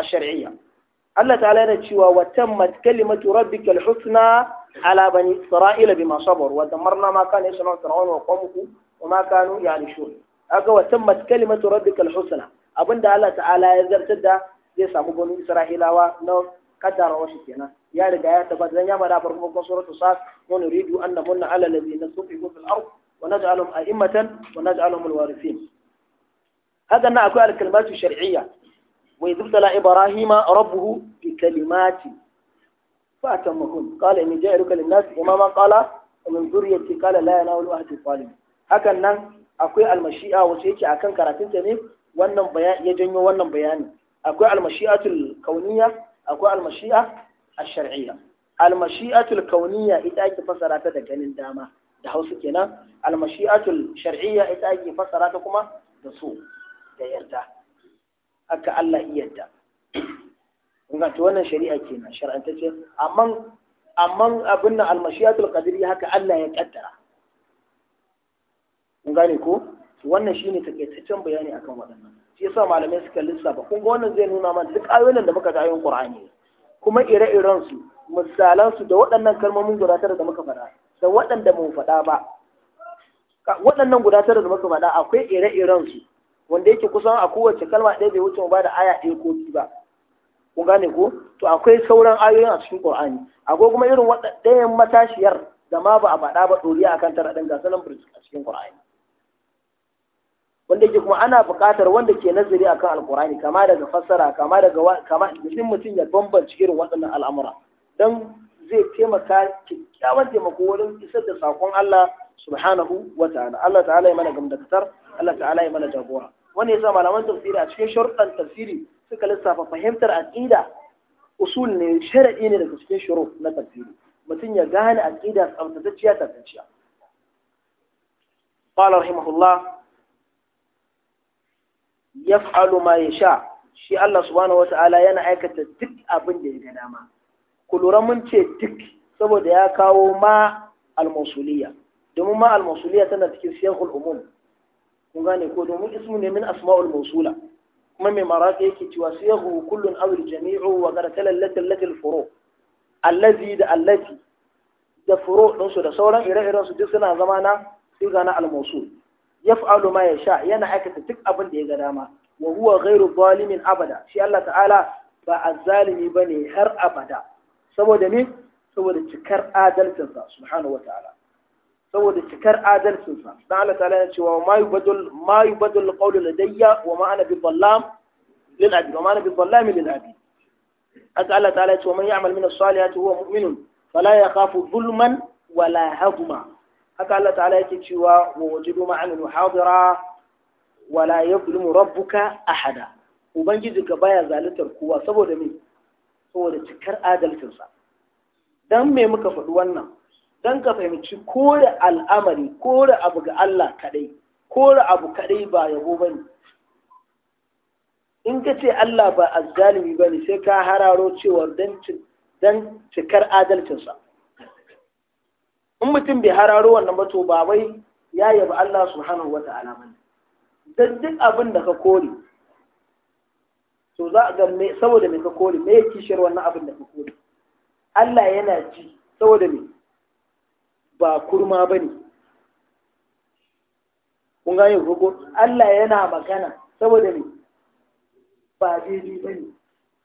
ash ta'ala yana cewa wa tammat kalimatu rabbika al-husna ala bani isra'ila bima sabar wa damarna ma kana yasna'u fir'aun wa qawmuhu wa ma kanu ya'rishun aka wa kalimatu rabbika al-husna abinda Allah ta'ala ya zartar da zai samu bani isra'ilawa na kaddara kenan يا رجال تبعت لنا ما رأب سورة قصورة صاف ونريد أن نمن على الذين نصفهم في الأرض ونجعلهم أئمة ونجعلهم الوارثين هذا نعكو الكلمات الشرعية وإذ ابتلى إبراهيم ربه بكلمات فأتمهن قال إني جائرك للناس إماما قال ومن ذريتي قال لا يناول أهد الظالم هكذا نعكو المشيئة وشيء أكن كراتين تنيف وأن بيان يجنو وأن بيان أكو المشيئة الكونية أكو المشيئة الشرعية المشيئة الكونية إتاكي فسرات دقنين داما da hausa kenan almashi'atul shar'iyya ita ake fassara ta kuma da so da yarda haka Allah iya yarda kun ga wannan shari'a kenan shar'antacce amma amma abin nan almashi'atul qadariyya haka Allah ya kaddara kun gane ko wannan shine takaitaccen bayani akan waɗannan shi yasa malamai suka lissafa kun ga wannan zai nuna mana duk ayoyin da muka ga ayoyin Qur'ani kuma ire-iren su misalan su da waɗannan kalmomin guda tara da muka faɗa da waɗanda mu faɗa ba waɗannan guda tara da muka faɗa akwai ire-iren su wanda yake kusan a kowace kalma ɗaya bai wuce mu ba da aya ɗaya ko biyu ba kun gane ko to akwai sauran ayoyin a cikin Qur'ani akwai kuma irin waɗannan matashiyar da ma ba a faɗa ba ɗoriya akan tara ɗin ga a cikin Qur'ani wanda yake kuma ana buƙatar wanda ke nazari akan alkurani kama daga fassara kama daga kama mutum mutum ya bambanci irin waɗannan al'amura dan zai taimaka kyakkyawan taimako wurin isar da sakon Allah subhanahu wa ta'ala Allah ta'ala ya mana gamdakatar Allah ta'ala ya mana jagora wanda yasa malaman tafsiri a cikin sharuɗan tafsiri suka lissafa fahimtar aqida usul ne shar'i ne daga cikin shuru na tafsiri mutum ya gane aqida tsaftatacciya tsaftatacciya قال رحمه الله yaf'alu ma yasha shi Allah subhanahu wata'ala yana aikata duk abin da ya ga dama ku lura mun ce duk saboda ya kawo ma al domin ma al tana cikin siyaqul umum kun gane ko domin ismu ne min asma'ul mausula kuma mai maraka yake cewa siyaqu kullun aw al-jami'u wa qaratala allati allati furu allazi da allati da furu din su da sauran ire-iren su duk suna zama na sai na al yaf'alu ma yasha yana aikata duk abin da ya ga dama wa huwa ghairu zalimin abada shi Allah ta'ala ba azzalimi bane har abada saboda ne saboda cikar adalcin sa subhanahu wa ta'ala saboda cikar adalcin sa, dan Allah ta'ala ya ce wa ma yubadul ma yubadul qawlu ladayya wa ma ana bi dhallam lil abid wa ma ana bi dhallami lil abid haka Allah ta'ala ya ce wa man ya'mal min as-salihati huwa mu'minun fala yakhafu dhulman wala hadma haka Allah ta'ala yake cewa wa wajidu ma'amilu hadira wala yadhlimu rabbuka ahada ubangiji ka baya zaluntar kowa saboda me saboda cikar adalcinsa dan me muka faɗi wannan dan ka fahimci da al'amari da abu ga Allah kadai da abu kadai ba yabo bane in ka ce Allah ba azzalimi bane sai ka hararo cewa dan cikar adalcinsa in mutum bai hararo wannan ba to ba wai ya yabi Allah subhanahu wa ta'ala ba dan duk abin da ka kore to za a ga me saboda me ka kore me yake kishiyar wannan abin da ka kore Allah yana ji saboda me ba kurma bane kun gane ko Allah yana magana saboda me ba daidai bane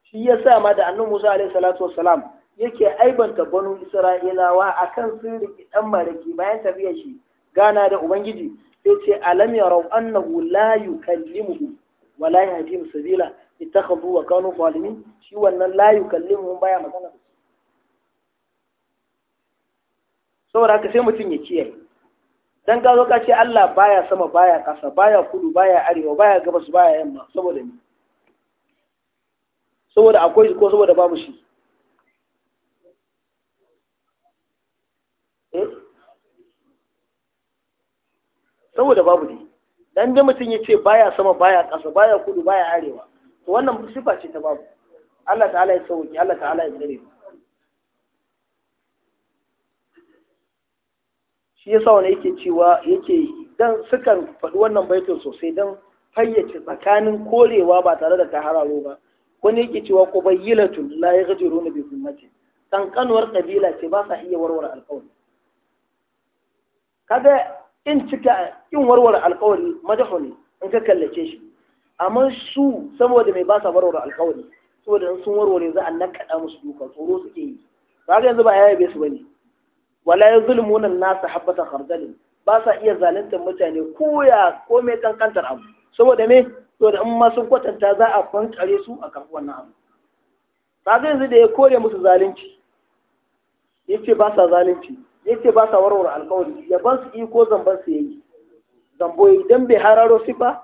shi yasa ma da annabi Musa alaihi salatu wassalam yake aibanta banu isra'ilawa akan sun riki dan mariki bayan tafiyar shi gana da ubangiji sai ce alam rau annahu la yukallimuhu wa la yahdihim sabila ittakhadhu wa kanu zalimin shi wannan la yukallimuhu baya magana saboda haka sai mutum ya kiyaye dan Gazo ka ce Allah baya sama baya ƙasa baya kudu baya arewa baya gabas baya yamma saboda ni saboda akwai ko saboda babu shi saboda babu ne dan da mutum ya ce baya sama baya ƙasa baya kudu baya arewa to wannan sifa ce ta babu Allah ta'ala ya sauki Allah ta'ala ya tsare shi yasa wani yake cewa yake dan sukan faɗi wannan baitin sosai dan fayyace tsakanin korewa ba tare da ta ba wani yake cewa ko bayyilatun la yaghjiruna bi ummati kankanuwar kabila ce ba sa iya warware alƙawari kaga in cika in warware alkawari madahu in ka kallace shi amma su saboda mai ba sa warware alkawari saboda in sun warware za a nakaɗa musu duka tsoro suke yi ba ga yanzu ba a yabe su bane wala ya zulmuna nasa habbatan harzali ba sa iya zaluntar mutane ko ya ko mai kankantar abu saboda me saboda in ma sun kwatanta za a kwantare su a kan wannan abu ba ga yanzu da ya kore musu zalunci yace ba sa zalunci yace ba sa warware ya ban su iko zamban su yayi zambo idan bai hararo sifa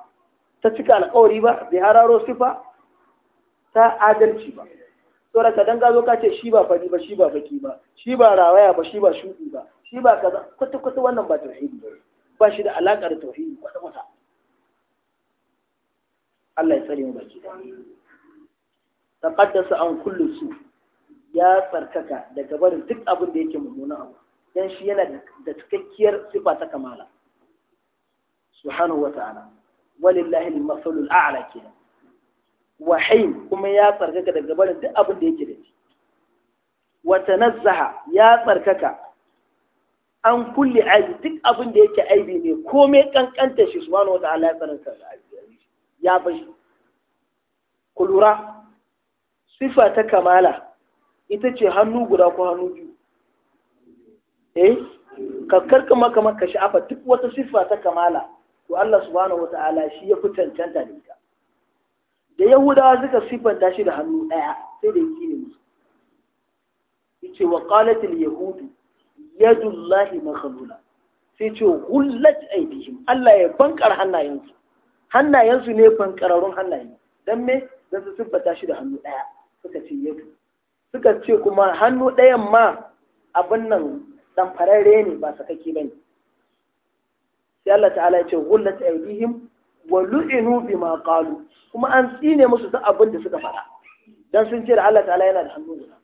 ta cika alƙawari ba bai hararo sifa ta adalci ba to da kadan gazo ka ce shi ba fari ba shi ba baki ba shi ba rawaya ba shi ba shudi ba shi ba kaza kwata kwata wannan ba tauhidi ba shi da alaka da tauhidi kwata kwata Allah ya tsare mu baki da qaddasa an kullu su ya tsarkaka daga barin duk abin da yake mummunan abu dan shi yana da cikakkiyar sifa ta kamala subhanahu wa ta'ala walillahi al al a'la kenan wahayin kuma ya tsarkaka daga barin duk abin da yake da shi wa tanazzaha ya tsarkaka an kulli aibi duk abin da yake aibi ne komai kankanta shi subhanahu wa ta'ala ya tsarkaka ya bashi Kulura sifa ta kamala ita ce hannu guda ko hannu biyu eh ka karkama kamar ka sha'afa duk wata siffa ta kamala to Allah subhanahu wata'ala shi ya fi cancanta da ita da yahudawa suka siffanta shi da hannu ɗaya sai da yake ne musu yace wa yahud yahudu allah maghlula sai ce hullat aidihim Allah ya bankar hannayensu hannayensu ne bankararun hannaye dan me dan su siffata shi da hannu ɗaya suka ce yadu suka ce kuma hannu ɗayan ma abin nan dan fararre ne ba kake bane sai Allah ta'ala ya ce gullat aydihim wa lu'inu bima qalu kuma an tsine musu duk abin da suka faɗa dan sun ce da Allah ta'ala yana da hannu guda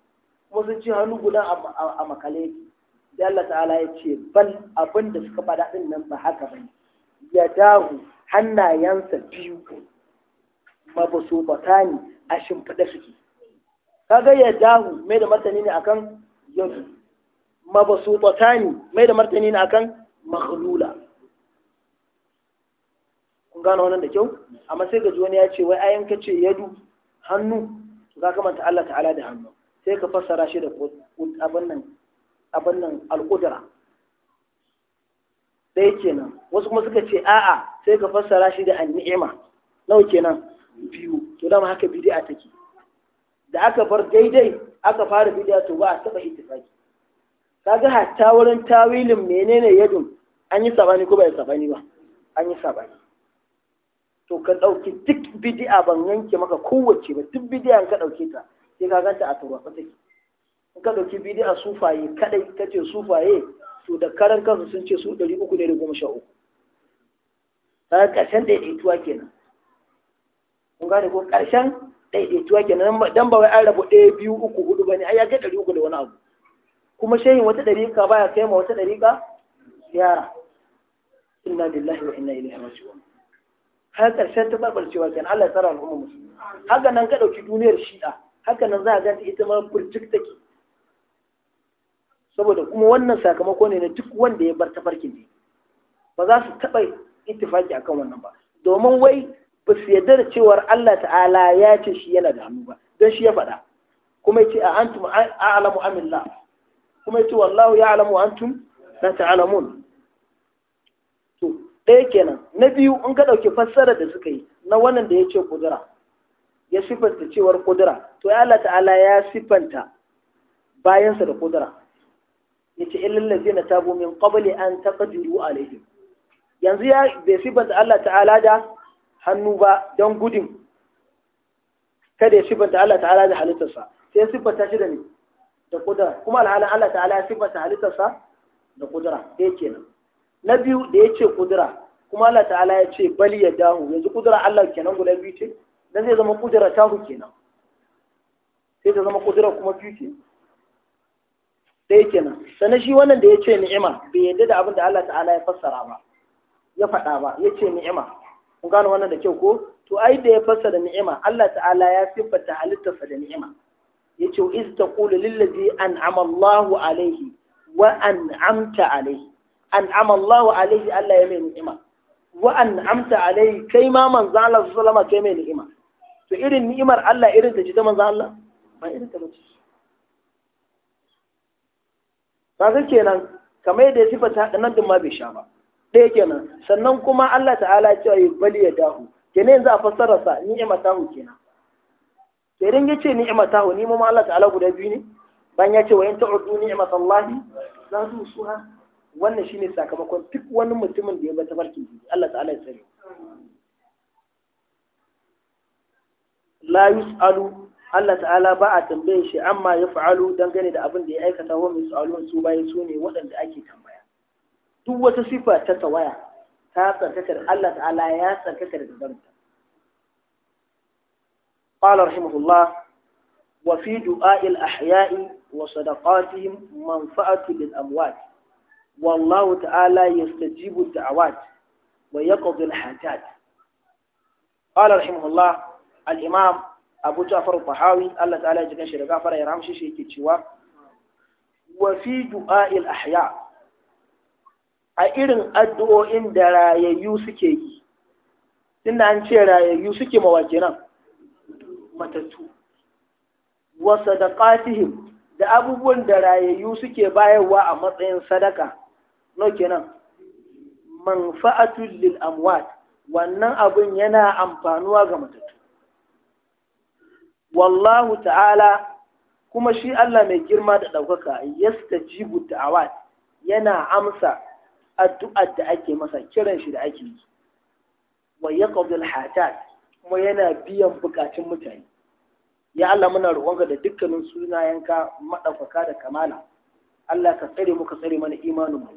kuma sun ce hannu guda a makale sai Allah ta'ala ya ce bal abin da suka faɗa din nan ba haka bane ya dahu hannayensa biyu mabaso batani a shimfiɗa suke kaga ya dahu mai da martani ne akan yadu mabasutatani mai da martani na akan makhlula kun gano wannan da kyau amma sai gaji wani ya ce wai ayan ka ce yadu hannu to ka manta Allah ta'ala da hannu sai ka fassara shi da abin nan abin nan alƙudura ɗaya kenan wasu kuma suka ce a'a sai ka fassara shi da an'ima nawa kenan biyu to dama haka bidi'a take da aka bar daidai aka fara bidi'a to ba a taba ittifaki kaga hatta wurin tawilin menene yadun an yi sabani ko bai sabani ba an yi sabani to ka ɗauki duk bidi'a ban yanke maka kowace ba duk bidi'a ka ɗauke ta sai ka ganta a turwatsa take in ka ɗauki bidi'a sufaye kadai ka ce sufaye to da karan kansu sun ce su ɗari uku ne da goma sha uku kaga ƙarshen ɗaiɗaituwa kenan kun gane ko ƙarshen ɗaiɗaituwa kenan dan ba wai an rabu ɗaya biyu uku hudu ba ne ai ya ga ɗari uku da wani abu kuma shehin wata ɗariƙa baya kai ma wata ɗariƙa yara. inna lillahi wa inna ilaihi raji'un har karshen ta cewa kan Allah ya tsara al'umma musulmi haka nan ka dauki duniyar shi'a haka nan za a ganta ita ma burjik take saboda kuma wannan sakamako ne na duk wanda ya bar ta farkin ne ba za su taɓa ittifaki akan wannan ba domin wai ba su yarda da cewar Allah ta'ala ya ce shi yana da hannu ba don shi ya faɗa kuma ya ce a antum a'lamu amillah kuma yace wallahu ya'lamu antum la ta'lamun to ɗaya kenan na biyu in ka ɗauki fassara da suka yi na wannan da yace kudura ya sifanta cewar kudura to ya Allah ta'ala ya sifanta bayansa da kudura yace illal ladina tabu min qabli an taqdiru alaihim yanzu ya bai sifanta Allah ta'ala da hannu ba don gudun kada ya sifanta Allah ta'ala da halittarsa sai sifanta shi da ne da kudura kuma alhalin Allah ta'ala ya sifata halittarsa da kudura yake nan na biyu da ya ce kudura kuma Allah ta'ala ya ce bali ya dahu yanzu kudura Allah kenan guda biyu ce dan zai zama kudura ke kenan sai ta zama kudura kuma biyu ce yake nan sannan shi wannan da ya ce ni'ima bai yadda da abin da Allah ta'ala ya fassara ba ya faɗa ba ya ce ni'ima kun gano wannan da kyau ko to ai da ya fassara ni'ima Allah ta'ala ya siffata halittarsa da ni'ima yace iz taqulu lil an'ama Allahu alayhi wa an'amta alayhi an'ama Allahu alayhi Allah ya mai ni'ima wa an'amta alayhi kai ma manzo Allah sallallahu alaihi kai mai ni'ima to irin ni'imar Allah irin ta ji ta manzo Allah ba irin ta bace kaga kenan kamar yadda sifa ta nan din ma bai sha ba ɗaya kenan sannan kuma Allah ta'ala ya ce bali ya dahu kenan yanzu a fassararsa ni'ima ta kenan sai ya ce ni'mata hu ni ma Allah ta'ala guda biyu ne ya ce wa in ta'udu za su su ha wannan shine sakamakon duk wani mutumin da ya bata barkin Allah ta'ala ya sani la yus'alu Allah ta'ala ba a tambaye shi amma ya fa'alu dangane da abin da ya aikata wa mai su'alun su bayan su ne waɗanda ake tambaya. Duk wata sifa ta tawaya ta tsarkakar Allah ta'ala ya tsarkakar da zanta. قال رحمه الله وفي دعاء الأحياء وصدقاتهم منفعة للأموات والله تعالى يستجيب الدعوات ويقضي الحاجات قال رحمه الله الإمام أبو جعفر الطحاوي الله تعالى يجزاه شر غفر يرحم شيء كتشوا وفي دعاء الأحياء a irin addu'o'in da rayayyu suke yi, tunda an ce rayayyu suke mawa kenan matattu wa sadaqatihim da abubuwan da rayayyu suke bayarwa a matsayin sadaka no kenan manfa'atul lil amwat wannan abun yana amfanuwa ga matattu wallahu ta'ala kuma shi Allah mai girma da ɗaukaka yastajibu ta'awat yana amsa addu'ar da ake masa kiran shi da ake yi wa yaqdul hajat kuma yana biyan bukatun mutane ya Allah muna roƙonka da dukkanin sunayenka maɗaukaka da kamala Allah ka tsare mu ka tsare mana imanin mu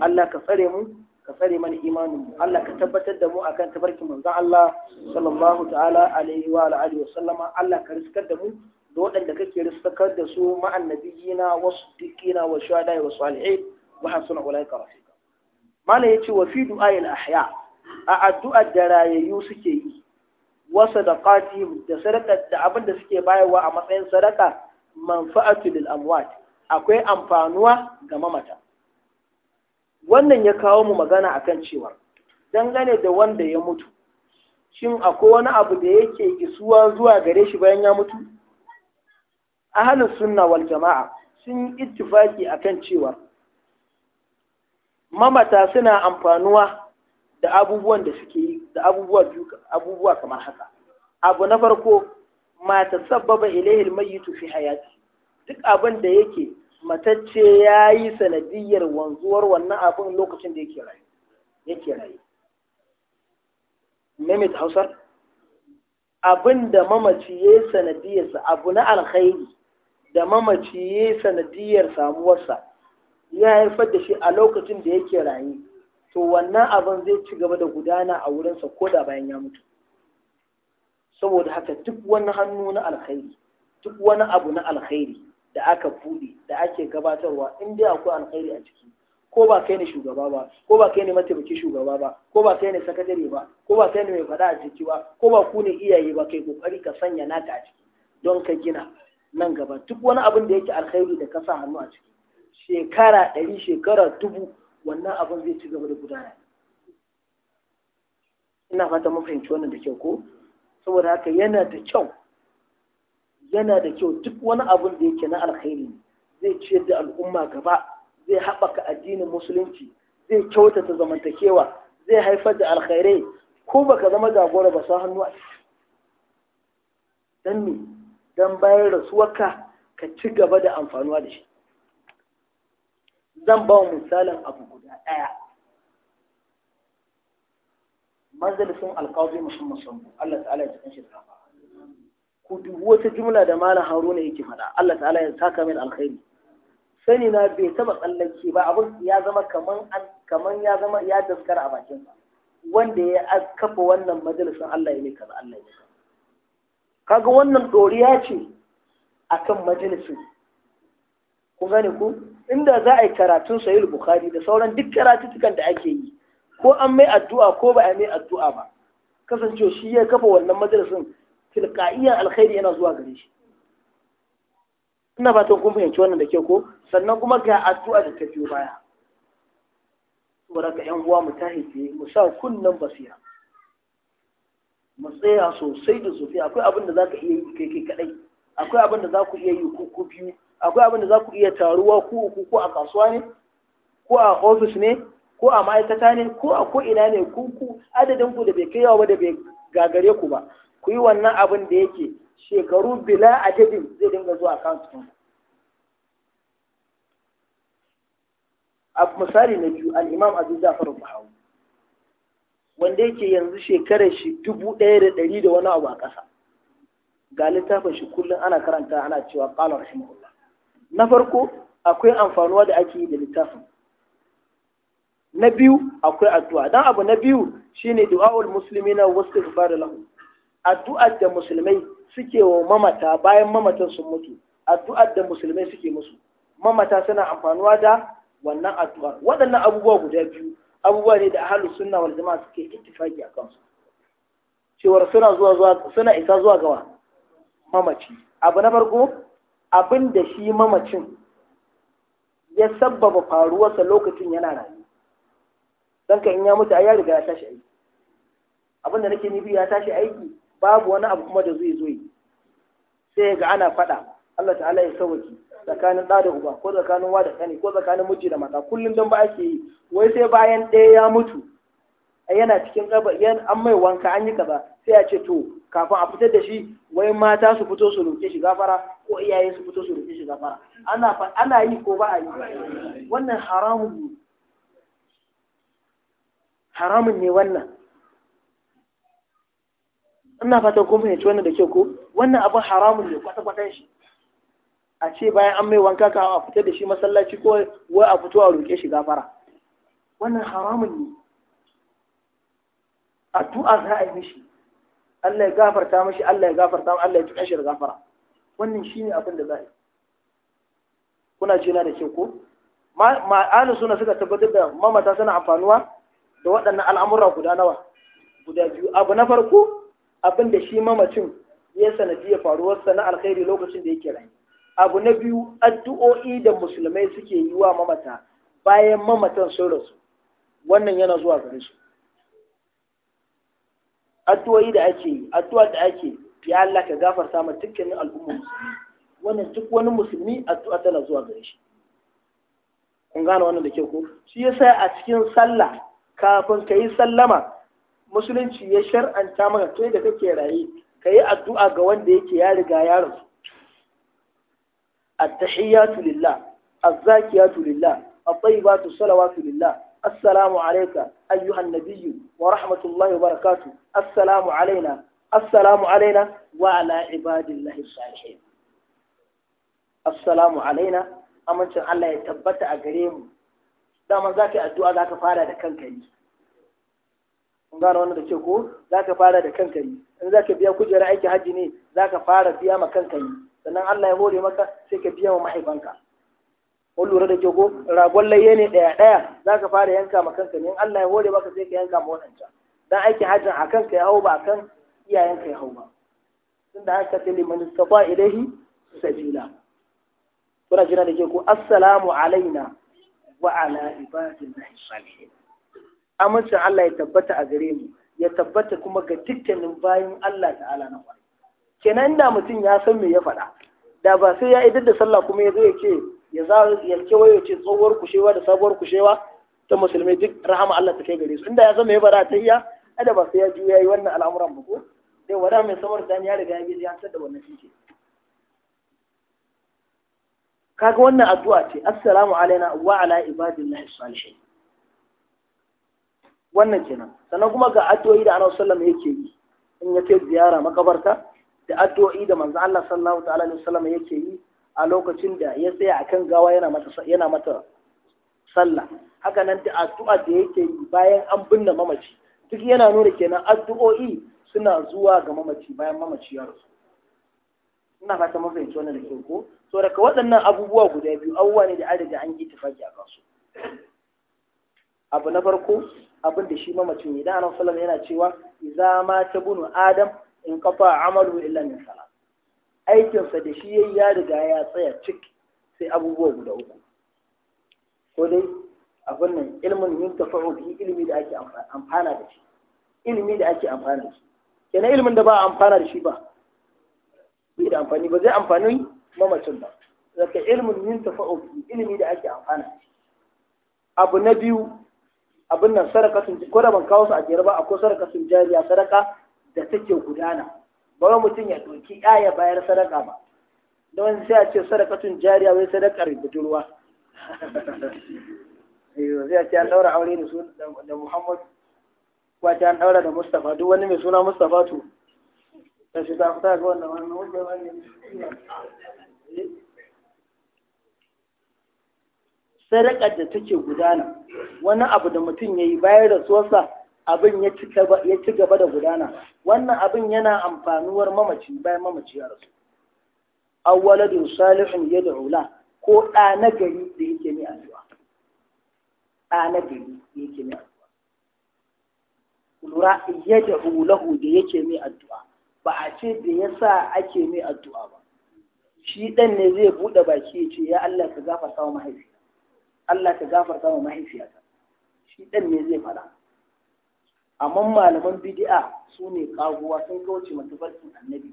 Allah ka tsare mu ka tsare mana imanin mu Allah ka tabbatar da mu akan tabarkin manzon Allah sallallahu ta'ala alaihi wa alihi wa sallama Allah ka riskar da mu da waɗanda kake riskar da su ma'an nabiyina wa siddiqina wa shuhada wa salihin wa hasuna ulaika rafiqa mala yace wa fi du'a'il ahya a addu'ar da rayayyu suke yi wa sadaqatihim da sadaka da abin da suke bayarwa a matsayin sadaka manfa'atu lil amwat akwai amfanuwa ga mamata wannan ya kawo mu magana akan cewa dangane da wanda ya mutu shin akwai wani abu da yake isuwa zuwa gare shi bayan ya mutu ahlus sunna wal jama'a sun yi ittifaki akan cewa mamata suna amfanuwa da abubuwan da suke yi da abubuwa biyu abubuwa kamar haka abu na farko ma sababa ilayhi almayyitu fi hayati duk abin da yake matacce ya yi sanadiyar wanzuwar wannan abin lokacin da yake rayu yake rayu Mehmet Hausar abin da mamaci ya yi sanadiyarsa abu na alkhairi da mamaci ya yi sanadiyar samuwarsa ya haifar da shi a lokacin da yake rayu to wannan abin zai ci gaba da gudana a wurinsa ko da bayan ya mutu saboda haka duk wani hannu na alkhairi duk wani abu na alkhairi da aka buɗe da ake gabatarwa in dai akwai alkhairi a ciki ko ba kai ne shugaba ba ko ba kai ne mataimaki shugaba ba ko ba kai ne sakatare ba ko ba kai ne mai faɗa a ciki ba ko ba ku ne iyaye ba kai kokari ka sanya naka a ciki don ka gina nan gaba duk wani abin da yake alkhairi da ka sa hannu a ciki shekara ɗari shekara dubu wannan abin zai ci gaba da gudana ina fata mun fahimci wannan da kyau ko saboda haka yana da kyau yana da kyau duk wani abin da yake na alkhairi zai ciyar da al'umma gaba zai haɓaka addinin musulunci zai kyautata zamantakewa zai haifar da alkhairai ko baka zama jagora ba sa hannu a dan me dan bayan suwarka ka ci gaba da amfanuwa da shi zan ba misalin abu guda ɗaya majalisun alƙawari musamman sun Allah ta'ala ya cikin shi da rafa ku dubi wata jumla da malam haruna yake faɗa Allah ta'ala ya saka min alkhairi sani na bai taba tsallake ba abin ya zama kaman kaman ya zama ya daskara a bakin sa wanda ya kafa wannan majalisun Allah ya ne kaza Allah ya kaga wannan doriya ce akan majalisun ku gane ku inda za a yi karatun sahih bukhari da sauran duk karatutukan da ake yi ko an mai addu'a ko ba a mai addu'a ba kasancewa shi ya kafa wannan madrasin tilka'iyyar alkhairi yana zuwa gare shi ina fatan kun fahimci wannan da ke ko sannan kuma ga addu'a da ta biyo baya saboda yan uwa mu tahiye mu sa kunnan basira mu tsaya sosai da sosai akwai abin da za ka iya yi kai kai kadai akwai abin da za ku iya yi ku biyu akwai abin da za ku iya taruwa ku uku ko a kasuwa ne ko a ofis ne ko a ma'aikata ne ko a ko ina ne ku ku adadin ku da bai kai yawa ba da bai gagare ku ba ku yi wannan abin da yake shekaru bila adadin zai dinga zuwa account ɗin a misali na biyu Alimam imam abu ja'far bahawi wanda yake yanzu shekarar shi dubu ɗaya da ɗari da wani abu a ƙasa ga littafin shi kullum ana karanta ana cewa shi rahimahullah na farko akwai amfanuwa da ake yi da littafin na biyu akwai addu'a dan abu na biyu shine du'aul muslimina wa istighfar lahu addu'a da musulmai suke wa mamata bayan mamatan sun mutu addu'a da musulmai suke musu mamata suna amfanuwa da wannan addu'ar waɗannan abubuwa guda biyu abubuwa ne da ahlus sunna wal jama'a suke ittifaki a su. cewar suna zuwa zuwa suna isa zuwa gawa mamaci abu na farko abin da shi mamacin ya sabbaba faruwarsa lokacin yana rayu don ka in ya mutu a ya riga ya tashi aiki abin da nake nufi ya tashi aiki babu wani abu kuma da zai zo sai ga ana faɗa Allah ta'ala ya sauki tsakanin ɗa da uba ko tsakanin wa da kani ko tsakanin miji da maka, kullum don ba ake yi wai sai bayan ɗaya ya mutu yana cikin kaba yan an mai wanka an yi kaza sai a ce to kafin a fitar da shi wai mata su fito su roke shi gafara ko iyaye su fito su roke shi gafara ana ana yi ko ba a yi wannan haramun ne haramun ne wannan ina fatan kun fahimci wannan da kyau ko wannan abin haramun ne kwata-kwatan shi a ce bayan an mai wanka ka a fitar da shi masallaci ko wai a fito a roke shi gafara wannan haramun ne addu'a za a yi mishi Allah ya gafarta mishi Allah ya gafarta mishi Allah ya tuka shi da gafara wannan shine abin da za a yi kuna ji na da ke ko ma'alin suna suka tabbatar da mamata suna amfanuwa da waɗannan al'amura guda nawa guda biyu abu na farko abin da shi mamacin ya sanadiya faruwarsa na alkhairi lokacin da yake rai abu na biyu addu'o'i da musulmai suke yi wa mamata bayan mamatan sun rasu wannan yana zuwa gare su addu'o'i da ake yi addu'a da ake ya Allah ka gafarta ma dukkanin al'umma wannan duk wani musulmi addu'a tana zuwa gare shi kun gane wannan da kyau ko shi yasa a cikin sallah kafin ka yi sallama musulunci ya shar'anta maka to da kake raye ka yi addu'a ga wanda yake ya riga ya rasu at-tahiyatu lillah az-zakiyatu lillah at-tayyibatu salawatu lillah assalamu alayka أيها النبي ورحمة الله وبركاته السلام علينا السلام علينا وعلى عباد الله الصالحين السلام علينا أمن Allah الله يتبت أقريم gare mu dama za ka yi addu'a za ka fara da kanka yi kun gane wannan da ke ko za ka fara da kanka yi in za ka biya kujera aiki hajji ne za ka fara biya ma kanka yi sannan Allah ya hore maka sai ka biya ma mahaifanka kun lura da ke ko ragon laye ne ɗaya ɗaya za ka fara yanka ma kanka ne Allah ya hore baka sai ka yanka ma waɗancan dan aiki hajjin a kanka ya hau ba a kan iyayenka ya hau ba tun da haka ta liman istata ilahi sabila kuna jira da ke ko assalamu alaina wa ala ibadillahi salihin amincin Allah ya tabbata a gare mu ya tabbata kuma ga dukkanin bayan Allah ta'ala na kwari kenan da mutum ya san me ya faɗa da ba sai ya idar da sallah kuma ya zo ya ce ya za ya kewaye ce tsohuwar kushewa da sabuwar kushewa ta musulmai duk rahama Allah ta kai gare su inda ya zama ya bara ta iya ada ba sai ya juya yi wannan al'amuran ba ko sai wada mai samar da ya riga ya je ya da wannan shi kaga wannan addu'a ce assalamu alaina wa ala ibadillahi salihin wannan kenan sannan kuma ga addu'o'i da Annabi sallallahu alaihi yake yi in ya kai ziyara makabarta da addu'o'i da manzo Allah sallallahu ta'ala alaihi wasallam yake yi a lokacin da ya tsaya kan gawa yana mata yana mata sallah haka nan da addu'a da yake yi bayan an binne mamaci duk yana nuna kenan addu'o'i suna zuwa ga mamaci bayan mamaci ya rasu ina fata mun fahimci wannan da ke ko so daga waɗannan abubuwa guda biyu abubuwa ne da adadi an yi tafaki a kansu abu na farko abin da shi mamacin idan anan sallallahu yana cewa idza ma bunu adam in kafa amalu illa min salat aikinsa da shi yayi ya riga ya tsaya cik sai abubuwa guda uku ko dai abin nan ilmin yin tafa'u bihi ilmi da ake amfana da shi ilmi da ake amfana da shi kenan ilmin da ba a amfana da shi ba bai da amfani ba zai amfani mamacin ba zaka ilmin yin tafa'u bihi ilmi da ake amfana da shi abu na biyu abin nan sarakatun ko da ban kawo su a jere ba akwai sarakatun jariya sadaka da take gudana ba mutum ya doki ya bayar sadaka ba da wani sai a ce sadakatun jariya wai sadakar budurwa sai a ce an daura aure da muhammad ko a ce an daura da mustapha duk wani mai suna mustapha to da shi ta fita ga wannan wannan wajen wani sadakar da take gudana wani abu da mutum ya yi bayar bayan rasuwarsa abin ya ci gaba da gudana wannan abin yana amfanuwar mamaci bayan mamaci ya rasu awwaladu salihun yad'u la ko ɗa na gari da yake ni addu'a ɗa na gari da yake ni addu'a lura yad'u lahu da yake ni addu'a ba a ce da ya sa ake ni addu'a ba shi ɗan ne zai buɗe baki ya ce ya Allah ka gafarta wa mahaifi Allah ka gafarta wa mahaifiyata shi ɗan ne zai fara. amma malaman bid'a su ne kaguwa sun kauce matafarkin annabi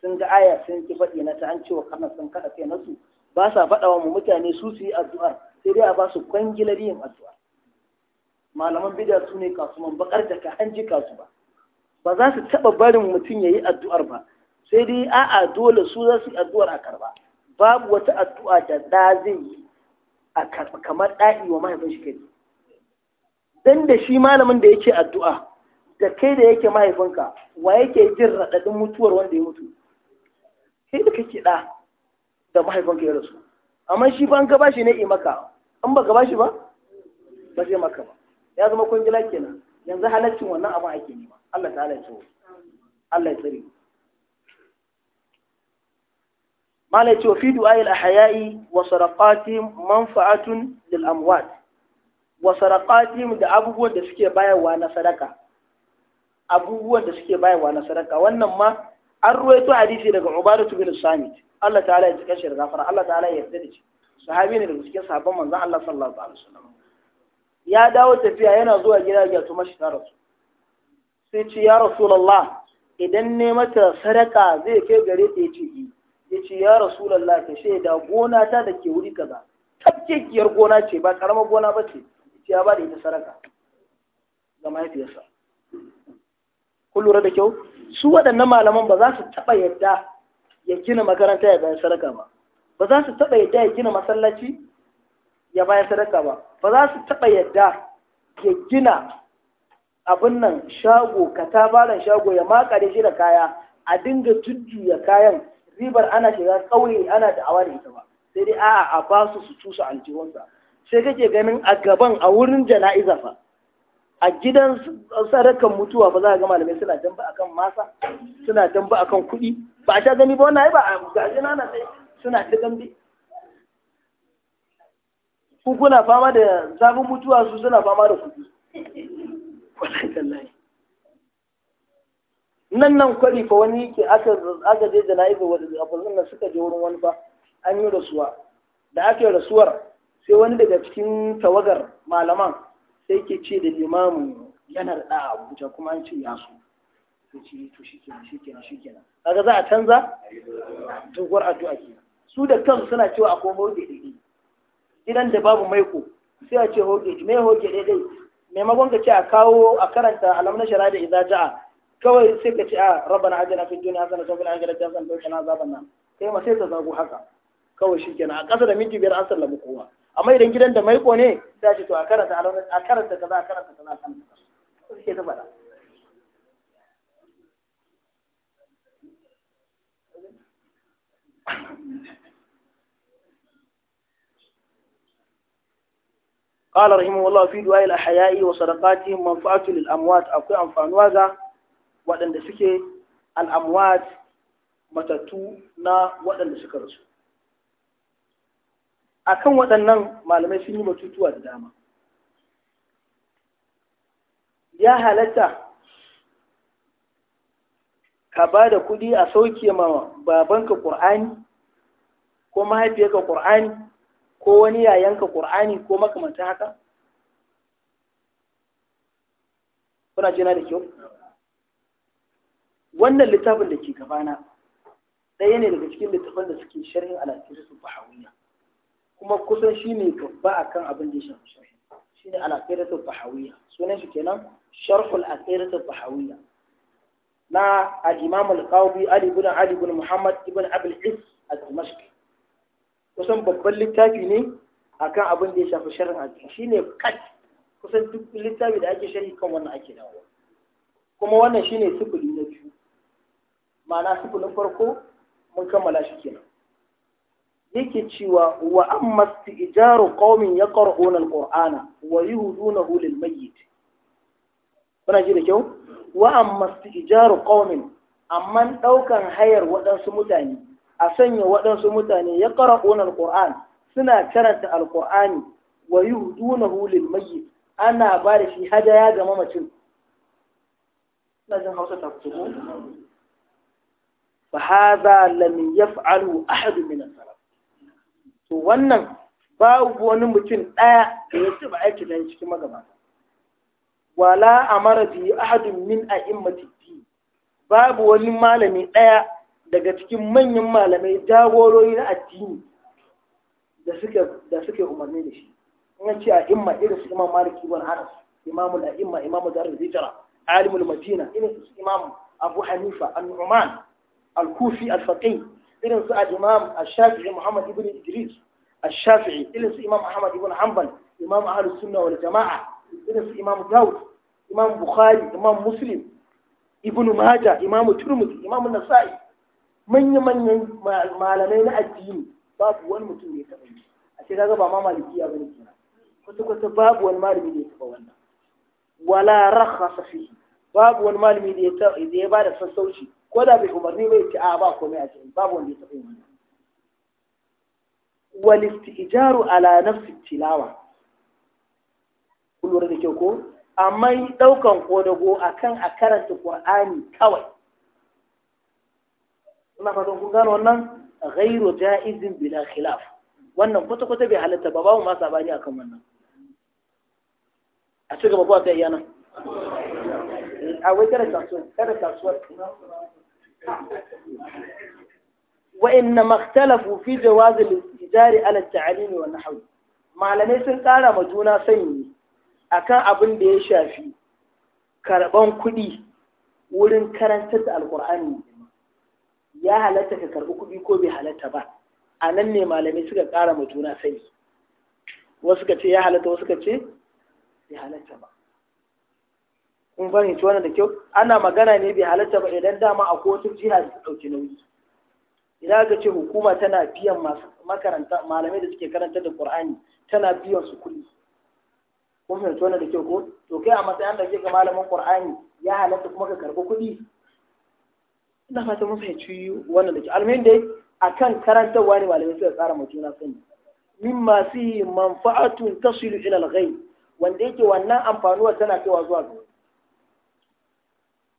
sun ga aya sun ki faɗi na ta an cewa kana sun kada kai nasu ba sa faɗawa mu mutane su su yi addu'a sai dai a ba su kwangilar yin addu'a malaman bid'a su ne kasuman bakar da ka an kasu ba ba za su taɓa barin mutum ya yi addu'ar ba sai dai a'a dole su za su yi addu'ar a karba babu wata addu'a da da zai yi a karba kamar ɗa'i wa mahaifin shi kai dan da shi malamin da yake addu'a da kai da yake mahaifinka wa yake jin raɗaɗin mutuwar wanda ya mutu kai da kake ɗa da mahaifinka ya rasu amma shi ba an ka bashi ne imaka maka ba ka bashi ba ba zai maka ba ya zama kwangila kenan yanzu halaccin wannan abin ake nema Allah ta ya tsoro Allah ya tsare Malai ce wa fi du'a'il ahya'i wa sadaqatihim manfa'atun lil amwat wa sadaqatihim da abubuwan da suke bayarwa na sadaka abubuwan da suke bayarwa na sadaka wannan ma an ruwaito hadisi daga Ubadatu bin Samit Allah ta'ala ya tsika shi da gafara Allah ta'ala ya yarda da shi sahabi ne daga cikin sahabban manzon Allah sallallahu alaihi wasallam ya dawo tafiya yana zuwa gida ga tuma shi ta rasu sai ce ya rasulullah idan ne mata sadaka zai kai gare ta yace yi yace ya eh. rasulullah ka shaida gona ta da ke wuri kaza tafkekiyar gona ce ba karamar gona ba ce ya ba da ita sadaka ga mahaifiyarsa kun lura da kyau su waɗannan malaman ba za su taɓa yadda ya gina makaranta ya bayar sadaka ba ba za su taɓa yadda ya gina masallaci ya bayar sadaka ba ba za su taɓa yadda ya gina abin nan shago katabaran shago ya makare shi da kaya a dinga jujjuya kayan ribar ana shiga ƙauye ana da awa da ita ba sai dai a'a a ba su su cusa aljihunsa sai kake ganin a gaban a wurin jana'iza fa a gidan sarakan mutuwa ba za ka ga malamai suna ba akan masa suna ba akan kuɗi ba a sha gani ba wannan ai ba ga jina na sai suna ta dambe ku kuna fama da zafin mutuwa su suna fama da kuɗi nan nan kwari fa wani yake aka aka je jana'iza wanda abin nan suka je wurin wani ba an yi rasuwa da aka yi rasuwar sai wani daga cikin tawagar malaman sai ke ce da limamin yana da abuja kuma an ce ya so sai ce to shi kenan shi kenan shi kenan kaga za a canza doguwar addu'a kenan su da kansu suna cewa akwai hoge daidai idan da babu maiko sai a ce hoge mai hoge daidai maimakon ka ce a kawo a karanta alam na shara da idza ja'a kawai sai ka ce a ah, rabbana ajina fid dunya hasanatan wa fil akhirati hasanatan wa qina azaban nar kai ma sai ka zago haka kawai shi kenan a kasa da minti biyar an sallama kowa amma idan gidan da maiko ne za shi to a karanta a karanta a kaza a karanta kaza a karanta kaza sai ta faɗa قال رحمه الله في دعاء الأحياء وصدقاتهم منفعة للأموات أكو أنفانوا ذا وأن سكي الأموات متتو نا وأن سكرسوا akan waɗannan malamai sun yi matutuwa da dama ya halatta ka ba da kuɗi a sauke ma babanka ƙur'ani ko mahaifiyarka ƙur'ani ko wani yayanka ƙur'ani ko makamanta haka kuna jina da kyau wannan littafin da ke gabana ɗaya ne daga cikin littafin da suke sharhin al'asirin su bahawiyya kuma kusan shi ne babba a kan abin da ya shafi sharhi shi ne al'aƙiratul bahawiyya sunan shi kenan sharhul al'aƙiratul bahawiyya na al-imam al-qawbi ali ibn ali ibn muhammad ibn abul is al-dimashqi kusan babban littafi ne akan abin da ya shafi sharhin hadisi shine kat kusan duk littafi da ake sharhi kan wannan ake dawo kuma wannan shine sifili na biyu ma'ana sifilin farko mun kammala shi kenan yake cewa wa amma istijaru qaumin yaqra'una alqur'ana wa yuhdunahu lil mayyit kuna ji da kyau wa amma istijaru qaumin amma daukan hayar waɗansu mutane a sanya waɗansu mutane ya ƙara'un alƙur'an suna karanta alƙur'ani wa yi huduna hulil mayi ana ba da shi hadaya ga mamacin na jin hausa ta fito ba haza lam yaf'alu ahad min as to wannan babu wani mutum ɗaya da ya taɓa da nan cikin magabata wala amara bi ahadun min a din babu wani malami ɗaya daga cikin manyan malamai jagorori na addini da suka da umarni da shi in ce a'imma irin su imam maliki ibn anas imamul a'imma imamu darul hijra alimul madina irin su imam abu hanifa an-nu'man al-kufi al-faqih irin su al-imam ash-shafi'i muhammad ibn idris ash-shafi'i irin su imam ahmad ibn hanbal imam ahlus sunna wal jama'a irin su imam daud imam bukhari imam muslim ibn majah imam turmudi imam nasa'i manya manyan malamai na addini babu wani mutum ya taba yi a ce kaga ba ma malikiya bane kenan kwata kwata babu wani malami da ya taba wannan wala rakhasa fihi babu wani malami da ya ba da sassauci ko da bai umarni bai ce a ba komai a cikin babu wanda ya taɓa yin wannan wal istijaru ala nafsi tilawa kun da kyau ko amma ɗaukan kodago akan a karanta qur'ani kawai ina fatan kun gano wannan ghairu ja'izin bila khilaf wannan kwata kwata bai halatta ba babu ma a akan wannan a cikin gaba a kai yana a wai kada kasuwar kada kasuwar وإنما اختلفوا في جواز الاستجار على التعليم والنحو malamai sun ƙara ma juna sanyi akan abin da ya shafi karɓan kuɗi wurin karantar da alƙur'ani ya halatta ka karɓi kuɗi ko bai halatta ba a nan ne malamai suka ƙara ma juna sanyi wasu ka ce ya halatta wasu ka ce bai halatta ba in fahimci wannan da kyau ana magana ne bai halatta ba idan dama a kotun jiha su ɗauki nauyi idan aka ce hukuma tana biyan masu makaranta malamai da suke karanta da qur'ani tana biyan su kuɗi kun fahimci wannan da kyau ko to kai a matsayin da ke ga malamin qur'ani ya halatta kuma ka karɓi kuɗi ina fata mun fahimci wannan da kyau almin dai akan karantarwa ne malamai suka tsara ma juna sani mimma fihi manfa'atun tasilu ila al-ghayb wanda yake wannan amfanuwa tana kaiwa zuwa ga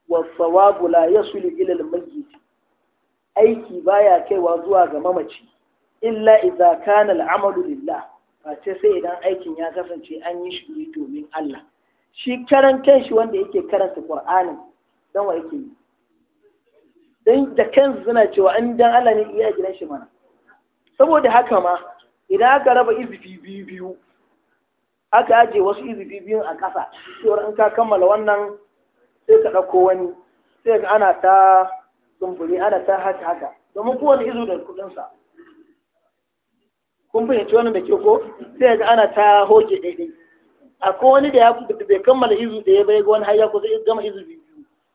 wasawabu la yasulu ila al-mayyit aiki baya kaiwa zuwa ga mamaci illa idza kana al lillah face sai idan aikin ya kasance anyi yi shi domin Allah shi karan kanshi wanda yake karanta Kur'anin? dan wa da kansu suna cewa an dan Allah ne iya gidan shi mana saboda haka ma idan aka raba izifi biyu biyu aka aje wasu izifi biyu a ƙasa cewar in ka kammala wannan sai ka ɗauko wani sai ga ana ta kumburi ana ta haka haka domin kowane izo da kuɗinsa kun fahimci wannan da ke ko sai ga ana ta hoke daidai ko wani da ya bai kammala izu da ya bai ga wani har ya kusa gama izu biyu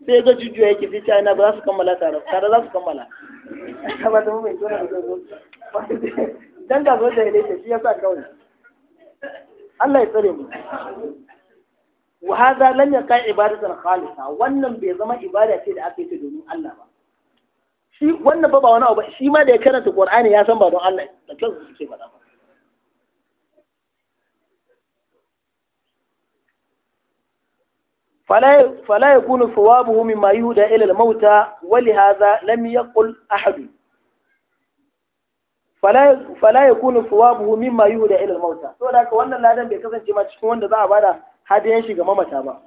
sai ga jujjuya yake sai ina ba za su kammala tare tare za su kammala ba da mai tona da zo dan ga zo da ya dace shi yasa kawai Allah ya tsare mu wa hadha lam yaqa ibadatan khalisa wannan bai zama ibada ce da aka yi ta domin Allah ba shi wannan ba ba wani abu shi ma da ya karanta Qur'ani ya san ba don Allah da kansu suke faɗa ba فلا يكون ثوابه مما يهدى إلى الموتى ولهذا لم يقل أحد فلا فلا يكون ثوابه مما يهدى إلى الموتى saboda haka wannan ladan bai kasance ma cikin wanda za a bada hadiyan shi ga mamata ba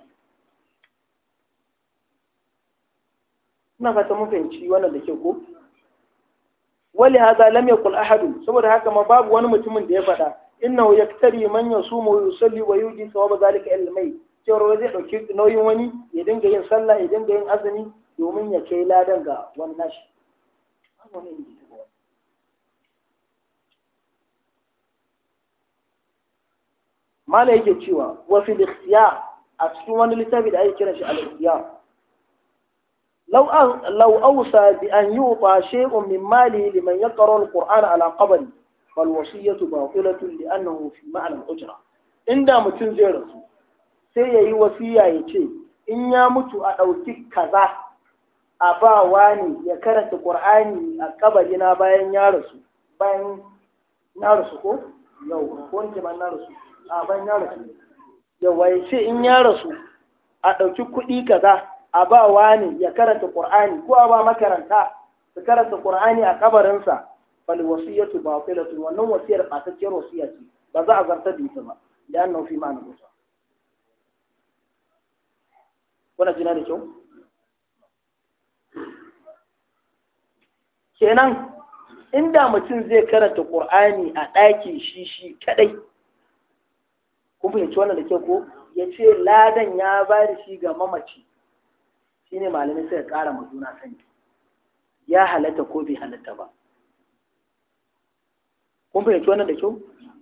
ina fata mun fahimci wannan da ke ko wali hada lam yakul saboda haka ma babu wani mutumin da ya faɗa innahu yaktari man yasumu wa yusalli wa yuji thawaba zalika ilal mai cewa zai dauki nauyin wani ya dinga yin sallah ya dinga yin azumi domin ya kai ladan ga wannan shi mala yake cewa wa fil a cikin wani littafi da ake kiran shi al ikhtiyar law an law awsa bi an yuta shay'un min mali liman yaqra al qur'an ala qabri fal wasiyatu batilatun li annahu fi ma'na al ujra inda mutum zai rasu sai yayi wasiya ya ce in ya mutu a ɗauki kaza a ba wani ya karanta qur'ani a kabari na bayan ya rasu bayan na rasu ko yau ko ne na rasu a ban ya rasu yawa ce in ya rasu a ɗauki kuɗi kaza a ba wani ya karanta qur'ani ko a ba makaranta su karanta qur'ani a kabarinsa fal wasiyatu batilatu wannan wasiyar batacciyar wasiya ce ba za a zartar da ita ba da annahu fi ma'ana musa kuna jina da kyau kenan inda mutum zai karanta ƙur'ani a ɗakin shi shi kaɗai kun fahimci wannan da ke ko ya ce ladan ya ba da shi ga mamaci Shi ne malamai ya ƙara ma juna sani ya halatta ko bai halatta ba kun fahimci wannan da kyau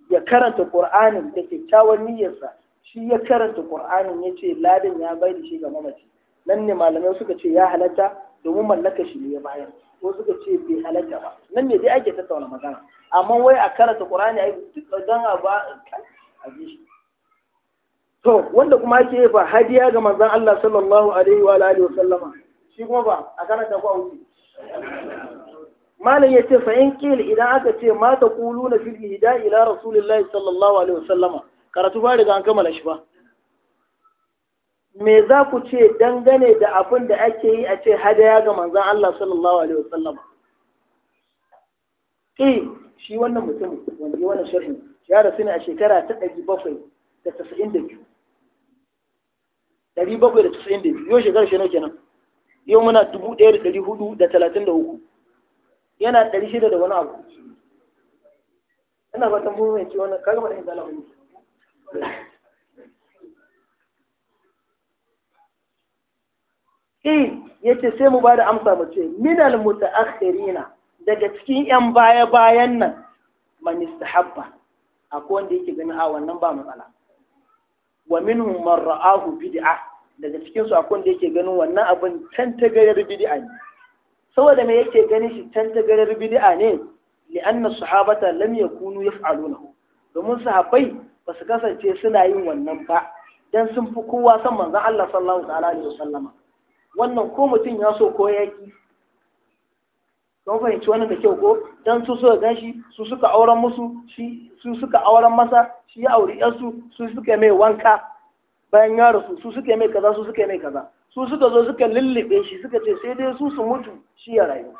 ya karanta qur'anin da kyakkyawan niyyarsa shi ya karanta qur'anin ya ce ladan ya bai da shi ga mamaci nan ne malamai suka ce ya halatta domin mallaka shi ne ya bayar ko suka ce bai halatta ba nan ne dai ake tattauna magana amma wai a karanta qur'ani ai duk a ba a ji shi to wanda kuma ake ba hadiya ga manzan Allah sallallahu alaihi wa alihi wa sallama shi kuma ba a karanta ku a wuce malam ya ce in qil idan aka ce kulu na fil ihda ila rasulillahi sallallahu alaihi wa sallama karatu ba riga an kammala shi ba me za ku ce dangane da abin da ake yi a ce hadiya ga manzan Allah sallallahu alaihi wa sallama eh shi wannan mutum wanda wannan shirin ya rasu ne a shekara ta bakwai da 92 1792 yau shekarar shi kenan yau muna 1433 yana 600 da wani abu ina fatan mun mai ci wannan kaga madan zala mun eh yace sai mu bada amsa mu ce minal mutaakhirina daga cikin yan baya bayan nan man istahabba akwai wanda yake ganin a wannan ba matsala wa minhum man ra'ahu bid'a daga cikin su akwai da yake ganin wannan abin tantagarar bid'a ne saboda me yake ganin shi tantagarar bid'a ne anna sahabata lam yakunu yaf'alunahu domin sahabbai ba su kasance suna yin wannan ba dan sun fi kowa san manzon Allah sallallahu alaihi wasallama wannan ko mutum ya so ko don fahimci wannan da kyau ko dan su suka ganshi su suka auren musu shi su suka auren masa shi ya auri yarsu su suka mai wanka bayan ya rasu su suka mai kaza su suka mai kaza su suka zo suka lullube shi suka ce sai dai su su mutu shi ya rayu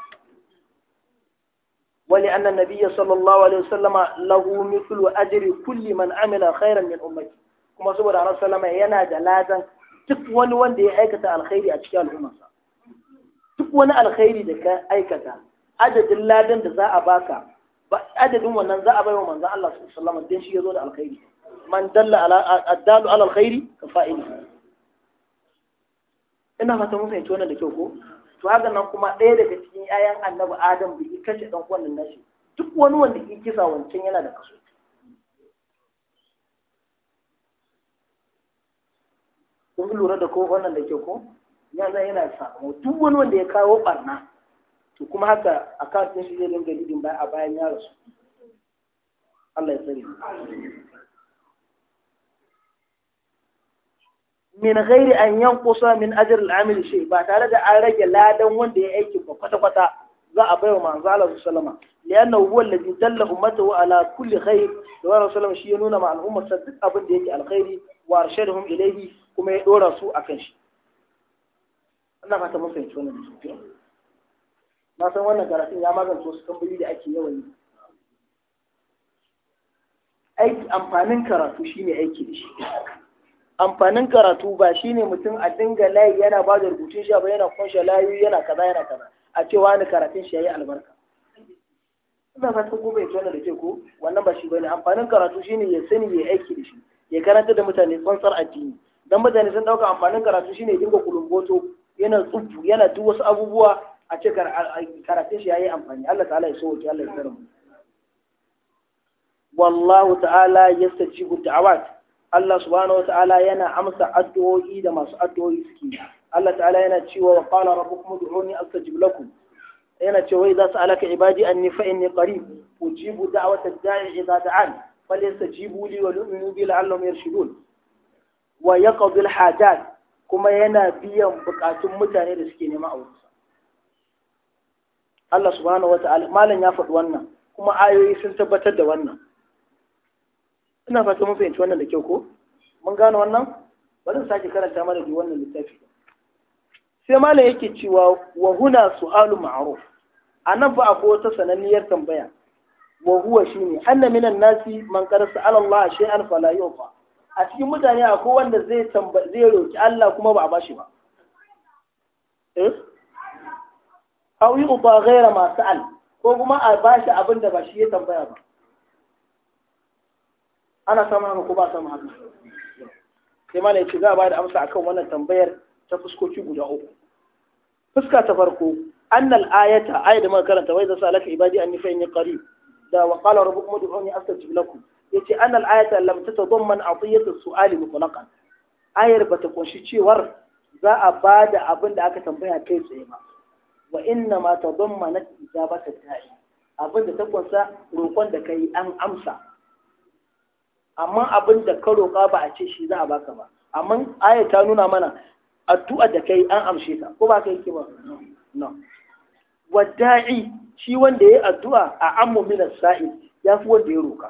Wani annan nabiyya sallallahu alaihi wasallama lahu mithlu ajri kulli man amila khairan min ummati kuma saboda annabi sallama yana da ladan duk wani wanda ya aikata alkhairi a cikin al'ummarsa duk wani alkhairi da ka aikata adadin ladan da za a baka adadin wannan za a bai wa manzan Allah sallallahu alaihi wasallam dan shi yazo da alkhairi man dalla ala addalu ala alkhairi ka fa'ili ina fata mun fahimci wannan da kyau ko to haka nan kuma ɗaya daga cikin ƴaƴan annabi Adam bai yi kashe dan uwan nashi duk wani wanda yake kisa wancan yana da kaso kun lura da ko wannan da kyau ko yana yana samu duk wani wanda ya kawo barna to kuma haka account din zai dinga lidin baya a bayan ya rasu Allah ya sani min ghairi an yanqusa min ajr al-amil ba tare da an rage ladan wanda ya aiki ba kwata kwata za a baiwa manzo Allah sallama lianna huwa alladhi dalla ummatahu ala kulli khair da wa sallam shi ya nuna ma al'umma duk abin da yake alkhairi wa arshadahum ilayhi kuma ya dora su akan shi Allah fata mun fahimci wannan na san wannan karatun ya magance wasu tambayoyi da ake yawan yi aiki amfanin karatu shine aiki da shi amfanin karatu ba shine mutum a dinga layi yana ba da rubutun shi ba yana kunshe layu yana kaza yana kaza a ce wani karatun shi yayi albarka ina ba ta gobe tona da ke ko wannan ba shi bane amfanin karatu shine ya sani ya aiki da shi ya karanta da mutane tsantsar addini dan mutane sun dauka amfanin karatu shine dinga kulumboto yana tsubu yana duk wasu abubuwa a ce karatun shi ya yi amfani Allah ta'ala ya soke Allah ya mu. wallahu ta'ala yastajibu da'awat Allah subhanahu wata'ala yana amsa addu'o'i da masu addu'o'i suke Allah ta'ala yana cewa wa qala rabbukum ud'uni astajib lakum yana cewa idza sa'alaka ibadi anni fa inni qarib ujibu da'wata da'i idza da'an falyastajibu li wa yu'minu bi la'allahum yarshudun wa yaqdi al-hajat kuma yana biyan bukatun mutane da suke nema a wurin Allah subhanahu wa ta'ala malam ya faɗi wannan kuma ayoyi sun tabbatar da wannan ina fata mun fahimci wannan da kyau ko mun gano wannan bari mu sake karanta mana da wannan littafi sai malam yake cewa wa huna su'alu ma'ruf anan ba akwai wata sananniyar tambaya wa huwa shine anna minan nasi man qarasa ala Allah shay'an fala yufa a cikin mutane akwai wanda zai zai roki Allah kuma ba a bashi ba eh aw uba gaira masu al. ko kuma a bashi abin da ba shi ya tambaya ba ana samun haka ko ba samun haka sai ma ne ce za a bada amsa akan wannan tambayar ta fuskoki guda uku fuska ta farko annal ayata ayat da muka karanta wai zasu alaka ibadi anni fa inni qarib da wa qala rabbukum ud'uni astajib lakum yace annal ayata lam tatadamman atiyat as-su'al mutlaqan ayar bata kunshi cewar za a bada abin da aka tambaya kai tsaye ba Wa inna ma na ijabata da'i abin da ta kunsa roƙon da kai an amsa amma abin da ka roƙa ba a ce shi za a baka ba amma aya ta nuna mana addu'a da kai an amshe ta ko ba ka yake ba no da'i shi wanda ya addu'a a ammu min sa'i ya fi wanda ya roƙa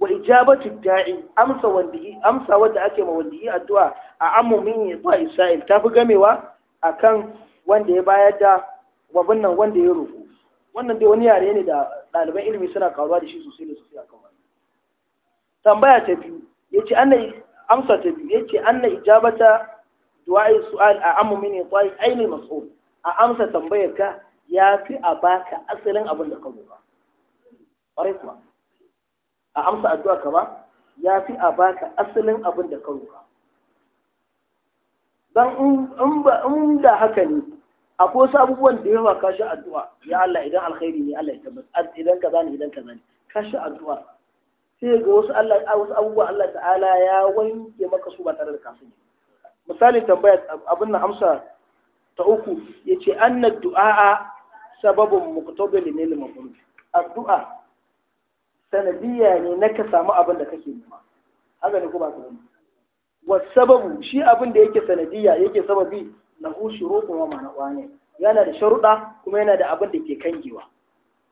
wa ijabatu da'i amsa wanda amsa wanda ake ma wanda yi addu'a a ammu min sa'i ta fi gamewa akan wanda ya bayar da babban nan wanda ya roƙo wannan dai wani yare ne da ɗaliban ilimi suna karuwa da shi sosai da sosai a kan tambaya ta biyu yace anna amsa ta biyu yace na ijabata du'a'i su'al a amma min yaqai ainul mas'ul a amsa tambayar ka fi a baka asalin abin da ka roƙa ƙwarai kuma a amsa addu'a ka ba ya fi a baka asalin abin da ka roƙa dan in da haka ne akwai wasu abubuwan da yawa ka shi addu'a ya Allah idan alkhairi ne Allah ya tabbata idan kaza ne idan kaza ne ka shi addu'a sai ga wasu Allah wasu abubuwa Allah ta'ala ya wanke maka su ba tare da kasu. misali tambaya abin nan amsa ta uku yace anna du'a sababun muqtabil lil mafhum addu'a sanadiyya ne na ka samu abin da kake nema haka ne ko ba ka والسبب shi abin ده yake sanadiyya yake sababi له شروط wa ma'ana يانا yana da sharuɗa kuma yana da abin da ke kangewa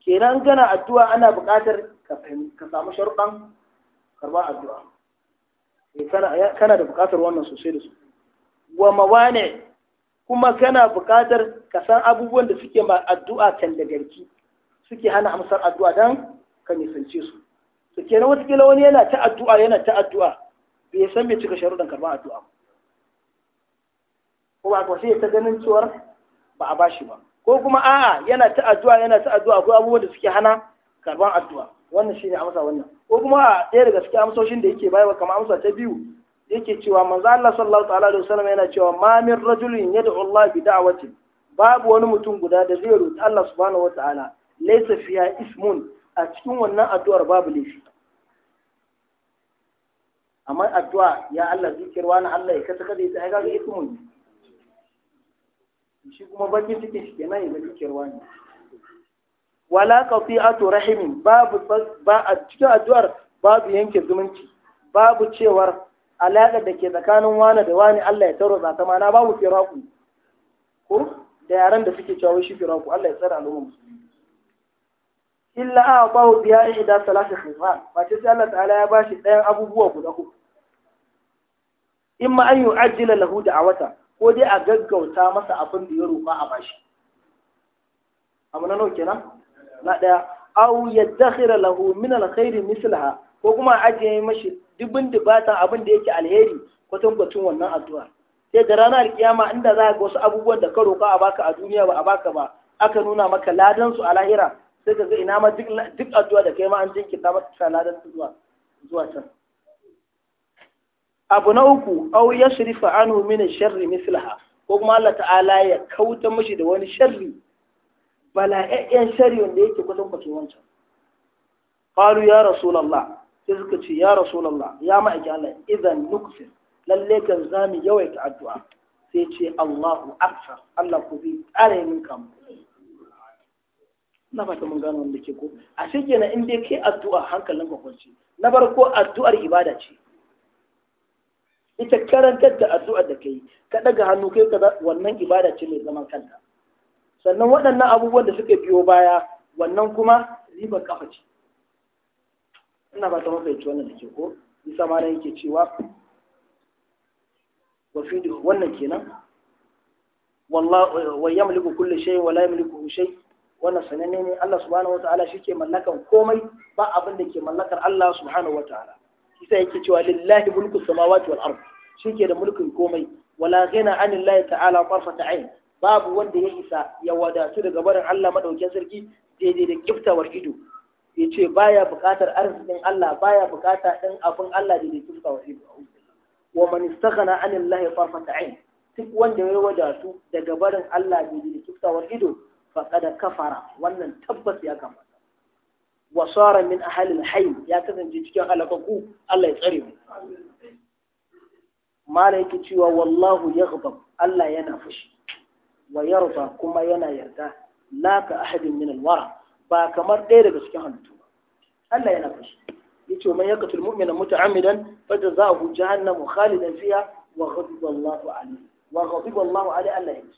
kenan gana addu'a ana buƙatar ka samu sharuɗan karɓar addu'a eh, kana da buƙatar wannan sosai kuma kana buƙatar ka san abubuwan da suke ma addu'a can da garki suke hana amsar addu'a dan ka nisance su to kenan wata wani yana ta addu'a yana ta addu'a bai san mai cika sharuɗan karɓar addu'a ko ba ko sai ta ganin cewar ba a bashi ba ko kuma a'a yana ta addu'a yana ta addu'a akwai abubuwa da suke hana karban addu'a wannan shine amsa wannan ko kuma a ɗaya daga cikin amsoshin da yake bayarwa kamar amsa ta biyu yake cewa manzo Allah sallallahu ta'ala alaihi wasallam yana cewa ma min rajulin yad'u Allah bi da'wati babu wani mutum guda da zai roƙi Allah subhanahu wata'ala laysa fiha ismun a cikin wannan addu'ar babu laifi amma addu'a ya Allah zikir wani Allah ya kasa kada ya sai kaga ismun shi kuma bakin cikin shi nan ya zikir wani wala qati'atu rahimin babu ba a cikin addu'ar babu yanke zumunci babu cewar alaƙar da ke tsakanin wani da wani Allah ya taro zata mana babu firaku ko da yaran da suke cewa shi firaku Allah ya tsara al'ummar. musulmi illa a bawo biya in idan salasa khifan wace sai Allah ta'ala ya bashi ɗayan abubuwa guda uku in ma an yu'ajjila lahu da'awata ko dai a gaggauta masa abin da ya roƙa a bashi abu na nau kenan na ɗaya aw yaddakhira lahu min alkhairi mislaha ko kuma a ajiye mashi dubin dubatan abin da yake alheri batun wannan addu'a sai da ranar kiyama inda za a ga wasu abubuwan da ka roƙa a baka a duniya ba a baka ba aka nuna maka ladan su a lahira sai ka zai ina ma duk addu'a da kai ma an jinkirta mata ta ladan zuwa can abu na uku aw yashrifa anhu min sharri mislaha ko kuma Allah ta'ala ya kauta mishi da wani sharri bala'ayyan sharri wanda yake kusan kwace wancan qalu ya rasulullah sai suka ce ya rasulullah ya ma'aikin Allah idan nuksi lalle kan zamu yawaita addu'a sai ce Allahu akbar Allah ku bi tsare min kamu na fata mun gano wanda ke ko a shi kenan in dai kai addu'a hankalin ka kwanci na farko addu'ar ibada ce ita karantar da addu'ar da kai ka daga hannu kai ka wannan ibada ce mai zaman kanta sannan waɗannan abubuwan da suka biyo baya wannan kuma ribar kafa ce ina ba ta mafi wannan da ke ko isa ma yake cewa wa fi wannan kenan wallah wa yamliku kulli shay wa la yamliku shay wannan sananne ne Allah subhanahu wataala ke mallakan komai ba abin da ke mallakar Allah subhanahu wataala isa yake cewa lillahi mulku samawati wal ard shike da mulkin komai wala ghina anillahi ta'ala tarfata ayn babu wanda ya isa ya wadatu daga barin Allah madaukakin sarki daidai da kiftawar ido ya ce baya buƙatar arzikin Allah baya buƙata ɗin abin Allah da da kiftawar ido wa man istaghna anillahi tarfata ayn duk wanda ya wadatu daga barin Allah daidai da kiftawar ido faqad kafara wannan tabbas ya kafa wa sara min ahli al-hayy ya kasance cikin halakaku Allah ya tsare mu mala yake cewa wallahu yaghdab Allah yana fushi wa yarda kuma yana yarda la ka ahadin min al-wara ba kamar ɗaya daga cikin halittu ba Allah yana fushi yace man yaqtul mu'mina muta'ammidan fajza'uhu jahannamu khalidan fiha wa ghadiba Allahu alayhi wa ghadiba Allahu alayhi Allah yake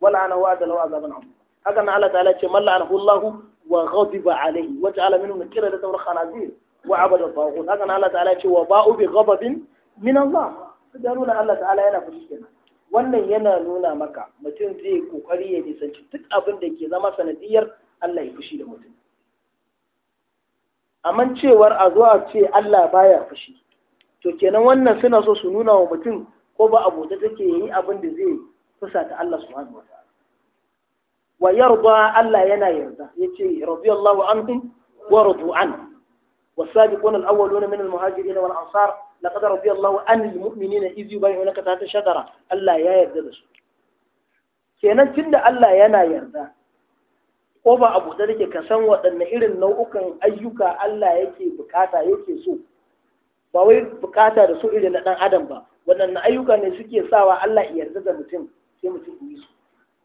wala ana wa'ada lahu azaban 'azim haka na Allah ta'ala ce malla an hullahu wa ghadiba alaihi wa ta'ala minhum kira da sauran khanazir wa abada tawagut haka na Allah ta'ala ce wa ba'u bi ghadabin min Allah su da nuna Allah ta'ala yana fushi kenan wannan yana nuna maka mutum zai kokari ya nisanci duk abin da ke zama sanadiyar Allah ya fushi da mutum amma cewar a zuwa ce Allah baya fushi to kenan wannan suna so su nuna wa mutum ko ba abota take yi abin da zai fusata Allah subhanahu wa wa yarda Allah yana yarda yace radiyallahu anhu wa radu an والسابقون الأولون من المهاجرين والأنصار لقد رضي الله عن المؤمنين إذ يبايعونك تحت الشجرة الله يا يرد kenan tunda Allah yana yarda ko ba abu da take ka san waɗanne irin nau'ukan ayyuka Allah yake bukata yake so ba wai bukata da so irin na ɗan adam ba waɗanne ayyuka ne suke sawa Allah ya yarda da mutum sai mutum yi su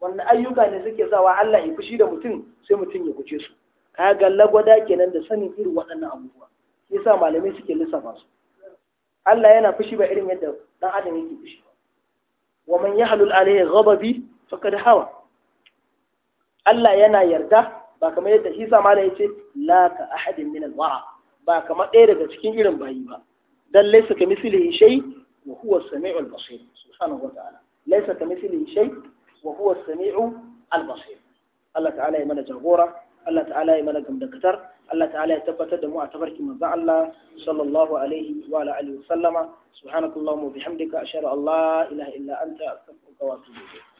Wanne ayyuka ne suke sawa Allah ya fushi da mutum sai mutum ya guje su ga lagwada kenan da sanin irin waɗannan abubuwa yasa malamai suke lissafa su Allah yana fushi ba irin yadda dan adam yake fushi wa man yahlul alayhi ghadabi faqad hawa Allah yana yarda ba kamar yadda shi sa malam yace la ka ahadin min alwara ba kamar ɗaya daga cikin irin bayi ba dan laysa ka mislihi shay wa huwa as-sami'ul basir subhanahu wa ta'ala laysa ka mislihi shay wa huwa sami'u al-basir Allah ta'ala ya mana jagora Allah ta'ala ya mana gamdakatar Allah ta'ala ya tabbatar da mu a tabarkin manzo Allah sallallahu alaihi wa ala alihi wa sallama subhanakallahumma wa bihamdika ashhadu an ilaha wa